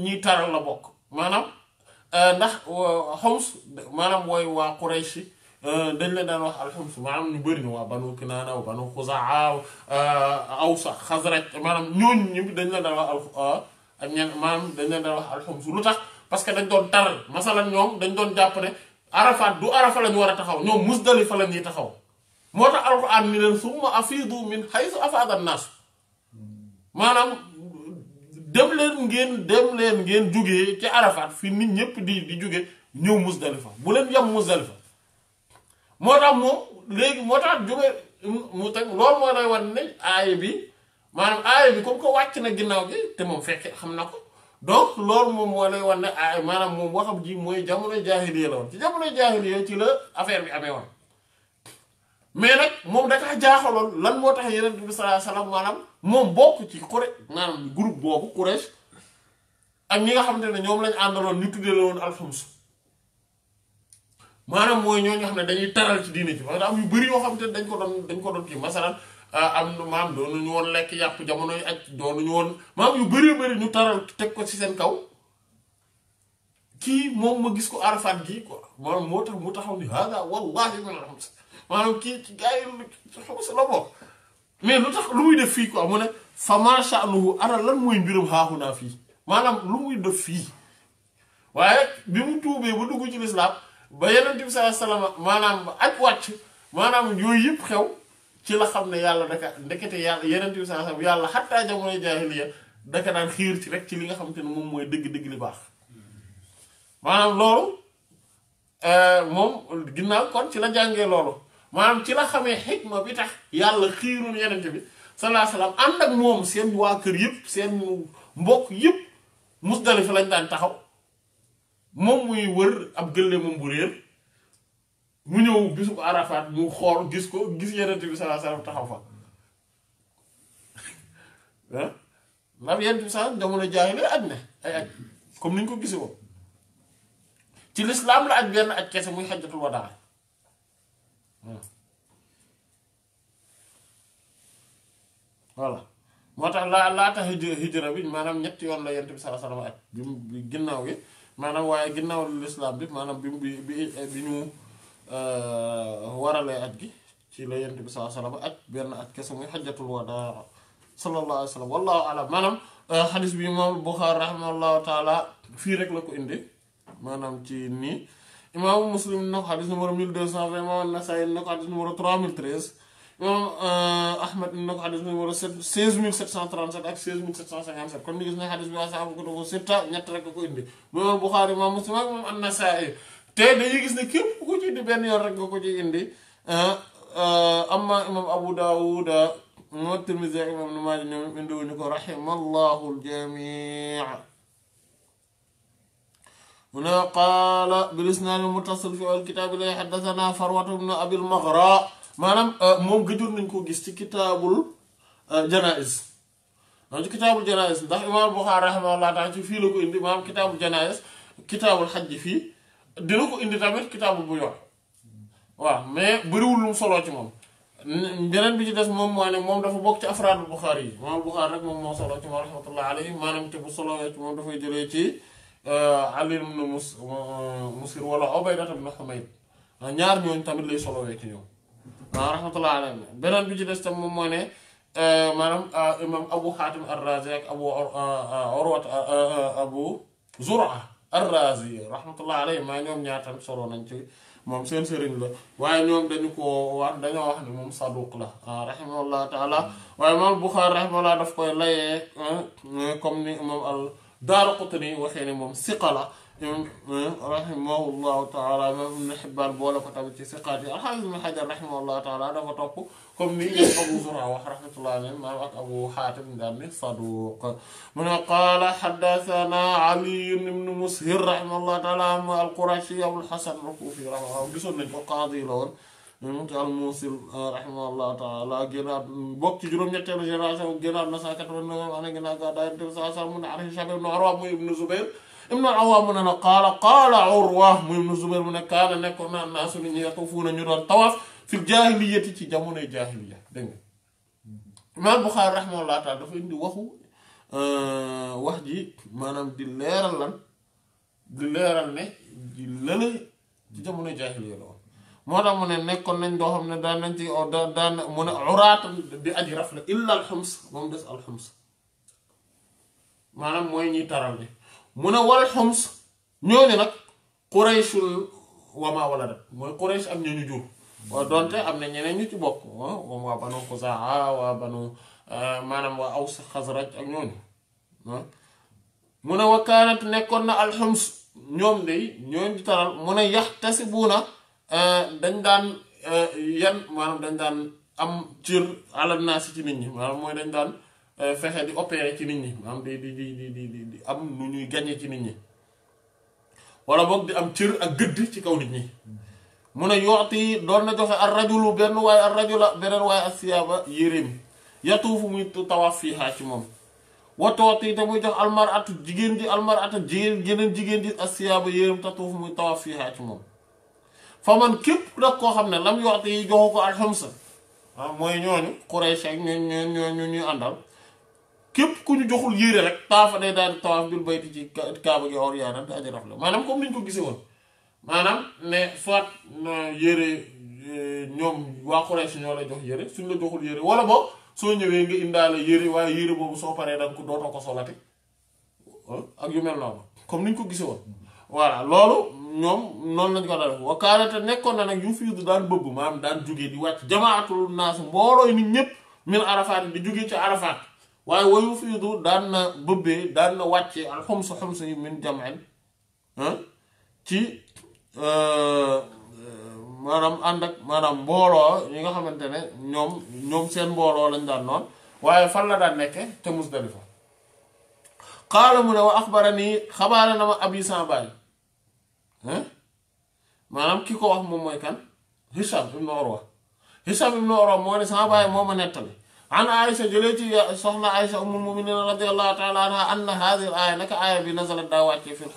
ñiy taral la bokk maanaam ndax xums maanaam wooy waa Quraysh dañ la daan wax al xums maanaam ñu bëri na waa banu kinaana waa banu xuzaa awsa xasraj maanaam ñooñu ñëpp dañ la daan wax ak ñen maanaam dañ la daan wax al xums lu tax parce que dañ doon taral masalan ñoom dañ doon jàpp ne arafaat du arafa lañu war a taxaw ñoom musdalifa la ñuy taxaw moo tax alquran ni leen summa afiidu min xaysu afaada naas maanaam dem leen ngeen dem leen ngeen jugee ci arafaat fi nit ñépp di di jóge ñëw musdalifa bu leen yem musdalifa moo tax moom léegi moo tax jóge mu teg loolu moo lay wan ne aaya bi maanaam aaya bi comme que wàcc na ginnaaw gi te moom fekke xam na ko donc loolu moom moo lay wan ne ay ah, maanaam moom waxam ji mooy jamono jaahiliya la woon ci jamono jaahiliya ci la affaire bi amee woon mais nag moom dakaa jaaxaloon lan moo tax yeneen bi sallallahu alayhi wasallam maanaam moom bokk ci kuré maanaam groupe boobu Quraysh ak ñi nga xam ne ñoom lañ àndaloon ñu tuddee la woon alxams maanaam mooy ñoo ñu xam ne dañuy taral ci diine ci parce que am yu bëri yoo xamante ne dañ ko doon dañ ko doon kii masalan Ah, am na maam ñu woon lekk yàpp jamono yu aj ñu woon maam yu bari bari ñu taral teg ko ci seen kaw kii moom ma gis ko arafat gii quoi maanaam moo taxaw ni hada wallahi man xam sa kii ci gars yi xam mais lu tax lu muy def fii ko mu ne fa ma sha'nuhu ana lan mooy mbiram xaaxu naa fii maanaam lu muy def fii waaye bi mu tuubee ba dugg ci lislaam ba yeneen bi sallallahu alayhi maanaam ba aj wàcc maanaam yooyu yëpp xew ci la xam ne yàlla daka ndekete yàlla yeneen bi saa sam yàlla xattaa jamono jaahiliya daka daan xiir ci rek ci li nga xamante ne moom mooy dëgg-dëgg li baax maanaam euh, moom kon ci la jàngee maanaam ci la xamee xikma bi tax yàlla xiirul yeneen bi sallallahu ànd ak moom seen waa kër yëpp seen mbokk yëpp mustalif lañ daan taxaw moom muy wër ab gëlle bu réer mu ñëw gisu ko Arafat mu xool gis ko gis yenent bi sallallahu alayhi wasallam taxaw fa ah <laughs> ndax yenent bi sallallahu jamono jaay lay aj ne ay comme ni ko gisi woon ci lislaam la aj benn aj kese muy xajjatul wadaa hmm. voilà moo tax laa laa bi maanaam ñetti yoon la yenent bi sallallahu alayhi wasallam maanaam waaye ginnaaw lislaam bi maanaam bi bi bi ñu Eh, warale aj gi ci la yent bi sallallahu alayhi wasallam aj benn aj kese muy xajjatul wadaa sallallahu alayhi wasallam wallahu alam maanaam eh, xadis bi imaam Buxaari rahimahullahu taala fii rek la ko indi maanaam ci nii imaamu muslim na ko xadis numéro 1220 imaamu Nasaa'i na ko xadis numéro 3013 imaamu eh, Ahmad na ko xadis numéro 16737 ak 16757 kon ni gis na xadis bi asaabu kutubu sitta ñett rek la ko indi imaamu Buxaari imaamu muslim ak te dañuy gis ne képp ku ci di benn yoon rek nga ko ci indi ah, ah, amma imam abu daawuda moo tirmisi ak imam nu maaji ñoom indiwuñu ko raximallahu aljamii هنا قال بالاسناد المتصل في الكتاب الذي حدثنا فروة بن ابي nañ ko gis ci kitaabul ah, janais ci kitaabul janais ndax imam Buxaari raximahullah taala ci fii la ko indi maanaam kitaabul janais kitaabul xajj fii dina ko indi tamit kitaabu bu yor waaw mais bëriwul lu mu ci moom beneen bi ci des moom moo ne moom dafa bokk ci afraadul Buxaari yi moom Buxaari rek moom moo soloo ci moom maanaam te bu solowee ci moom ci euh, Ali ibn euh, wala Ubayda ibn ñaar ñooñu tamit lay solowee ci ñoom beneen bi ci des tam moom moo euh, maanaam imam Abu Xaatim ar-Raazi Abu Urwat Abu Zura ar-Razi rahmatullah maa ñoom ñaar tamit nañ ci moom seen sëriñ la waaye ñoom dañu ko wax dañoo wax ne moom saduq la ah, rahimahullah taala waaye moom Buxaari rahimahullah daf koy layee ah, comme ni moom al Daaraqutni waxee ne moom siqa la ah, rahimahullahu taala moom Ibn Hibbaan boole ko tamit ci siqaat yi al-Haafiz Ibn Hajar rahimahullah dafa topp كمي إيه، أبو زرع وحرحة الله عليه ما رأت أبو حاتم دامي صدوق من قال حدثنا علي بن مسهر رحمه الله تعالى القرشي أبو الحسن الكوفي رحمه الله بسنة القاضي لون من قال موسيل رحمه الله تعالى جنا بوك جرم يتم جراسة وجنا مساكة أنا جنا قادة انتفساسة من عرش شابه بن عروة بن زبير ابن عوام من قال قال عروة بن زبير من كان نكون الناس من يطوفون يرى الطواف fil jaahiliyati ci jamonoy jaahiliya dégg nga imaam Buxaari raxmatullaahi taala dafa indi waxu euh, wax ji maanaam di leeral lan di leeral ne di lële ci jamonoy jaahiliya la woon moo tax mu ne nekkoon nañ doo xam ne daan nañ ci daan mu ne uraatan di aji raf la illa alxams moom des alxams maanaam mooy ñuy taral ne mu ne wal xams ñooñu nag qurayshul wamaa wala dat mooy quraysh ak ñooñu jur donte am na ñeneen ñu ci bokk ah, moom waa banu Xuzaa waa banu eh, maanaam waa Aws Xasraj ak ñooñu ah. mu ne wa nekkoon na alxams ñoom de ñooñu di taral mu ne yaxtasibuuna eh, dañ daan eh, yan maanaam dañ daan am cër alal naa ci nit ñi maanaam mooy dañ daan fexe di opérer ci nit ñi maanaam di di di di am nu ñuy gañe ci nit ñi wala boog di am cër ak gëdd ci kaw nit ñi mu ne yooti doon na joxe ar rajulu benn waaye ar rajula beneen waaye asiyaaba yéreem yére muy tawaaf fii haa ci moom watooti te muy jox almaratu jigéen ji almaratu jigéen jeneen jigéen ji asiyaaba yéreem tatuufu muy tawaaf fii haa ci moom fa man képp nag koo xam ne lam yooti yi joxu ko alxamsa waaw ah, mooy ñooñu Quraysh ak ñu ñooñu ñuy àndal képp ku ñu joxul yére rek taafa day daal di tawaaf bil bayti ci kaaba gi or yaa daal di aji la maanaam comme niñ ko gisee woon maanaam ne soit yére euh, ñoom waa Quraysh ñoo la jox yére suñ la joxul yére wala boog soo ñëwee nga indaale yére waaye yére boobu soo paree da nga ko dootoo ko solati ak yu mel noonu comme niñ ko gisee woon voilà loolu ñoom noonu lañ ko daan def wakaalate nekkoon na nag yu fiidu daan bëgg maanaam daan jugee di wàcc jamaatul naas mboolooy ñëpp min arafaat di ci arafaat waaye wa yu fiidu daan na bëbbee daan na wàccee alxumsa xumsa yi min jameen ci maanaam ànd ak maanaam mbooloo ñi nga xamante ne ñoom ñoom seen mbooloo lañ daan non waaye fan la daan nekke te Musdalifa qaala mu ne wa axbarani xabaare na ma abi sama baay maanaam kiko ko wax moom mooy kan Hisham ibn Urwa Hisham ibn Urwa moo ne sama baay moo ma nettali an Aïcha jëlee ci soxna Aïcha ummul muminina radiallahu taala anha anna haadihi al aaya naka aaya bi nazalat daa fi l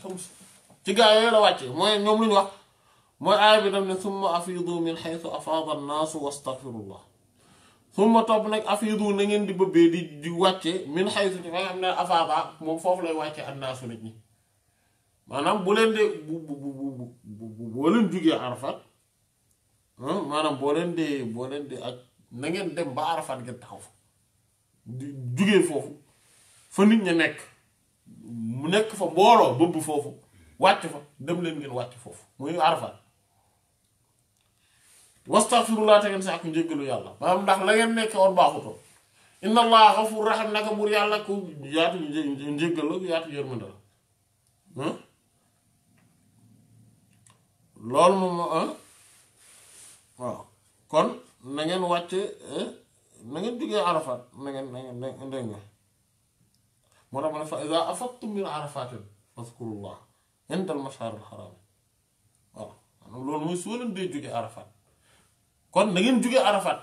xums ci gaa yooyu la wàcce mooy ñoom lu ñu wax mooy aaya bi dam ne summa afiidu min xaytu afaada annaasu wastaghfirullah summa topp nag afiidu na ngeen di bëbbee di di wàcce min xaytu ci fa nga xam ne afaada moom foofu lay wàcce annaasu nit ñi maanaam bu leen de bu bu bu bu boo leen jugee arafat ah, maanaam boo leen de boo leen de ak nangeen dem ba arafat ngeen taxaw fa di jugee foofu fa nit ña nekk mu nekk fa mbooloo bëbb foofu wàcc fa dem leen ngeen wàcc foofu muy Arafat wastaghfirullah te ngeen si ak njéggalu yàlla maanaam ndax la ngeen nekke woon baaxutoo inna allah ghafur rahim buur yàlla ku yaatu njéggal la yaatu yërmande la hmm? loolu moom ah, ah. waaw kon na ngeen wàcc eh, na ngeen jógee Arafat na ngeen na ngeen dégg moo tax ma ne fa iza afattum min arafatin fazkurullah indal masharul haram waaw maanaam loolu mooy arafat kon na ngeen arafat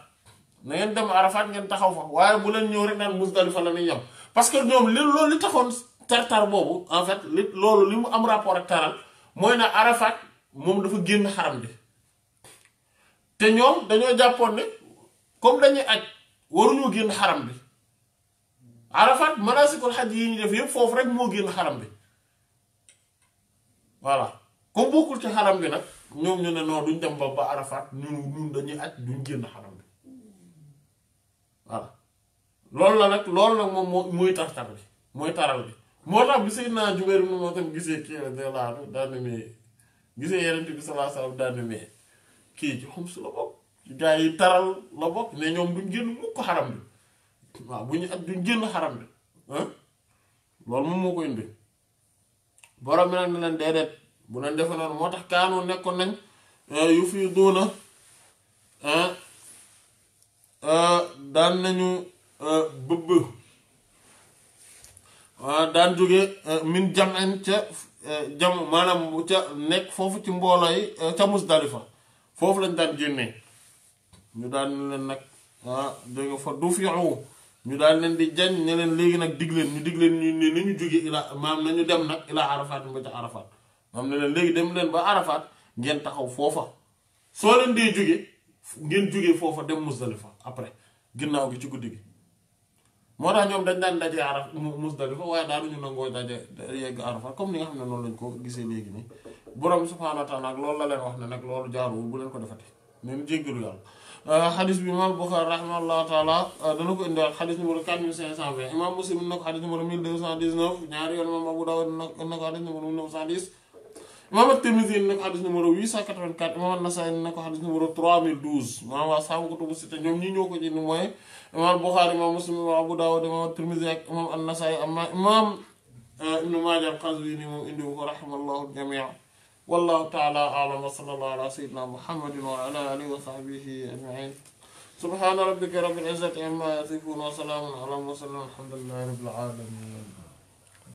na ngeen arafat ngeen taxaw fa waaye bu leen ñëw rek naan musdalifa la ñuy yem parce que ñoom li loolu li taxoon tartar boobu en fait li ak taral mooy arafat moom dafa génn xaram bi te ñoom dañoo jàppoon ne comme dañuy aj arafat manasikul xaj yi ñu def yëpp foofu rek moo génn voilà ko bokkul ci xaram bi nag ñoom ñu ne non duñ dem ba ba Arafat ñun ñun dañuy aj duñ génn bi voilà loolu la nag loolu nag moom moo mooy tartar bi mooy taral bi moo tax bi Seydina Jubayr moo tam gisee kii radiyallaahu daane mee gisee Yonent bi sallallaahu alayhi wa sallam daane kii ci xums la bokk gaa yi taral la bokk ne ñoom duñ génn mukk xaram bi waaw bu ñu aj duñ génn xaram bi loolu moom moo koy indi borom bi nag ne leen déedéet bu leen defee noonu moo tax kaanu nekkoon nañ eh, yu fi duuna eh, eh, daan nañu bëbb daan jóge min jamin ca jam maanaam ca nekk foofu ci mbooloo yi ca Musdalifa foofu lañ daan génnee ñu daan leen nag dégg nga du fi ñu daal leen di jañ ne leen léegi nag dig leen ñu dig leen ñu ne nañu jóge ila maam nañu dem nag ila arafaat ma ca arafaat maam ne leen léegi dem leen ba arafaat ngeen taxaw foofa soo leen dee jóge ngeen jóge foofa dem musdalifa après ginnaaw gi ci guddi gi moo tax ñoom dañ daan dajee araf musdalifa waaye daal ñu nangoo daje yegg arafaat comme ni nga xam ne noonu lañ ko gisee léegi nii borom subhaanahu wa taala loolu la leen wax ne nag loolu jaaruwul bu leen ko defati neen jéggalu yàlla xadis euh, bi imaam Buxaari rahimahullahu taala euh, dana ko indiwaat xadis numéro 4520 imaam Muslim na ko xadis numéro 1219 ñaari yoon imaam Abu Dawud ko xadis numéro 1910 imaam imaam An-Nasaa'i imaam Buxaari imaam imaam imaam imaam An-Nasaa'i amma imaam moom indiwu ko rahimahullahu jamii والله تعالى أعلم وصلى الله على سيدنا محمد وعلى آله وصحبه أجمعين سبحان ربك رب العزة عما يصفون وسلام على المرسلين الحمد لله رب العالمين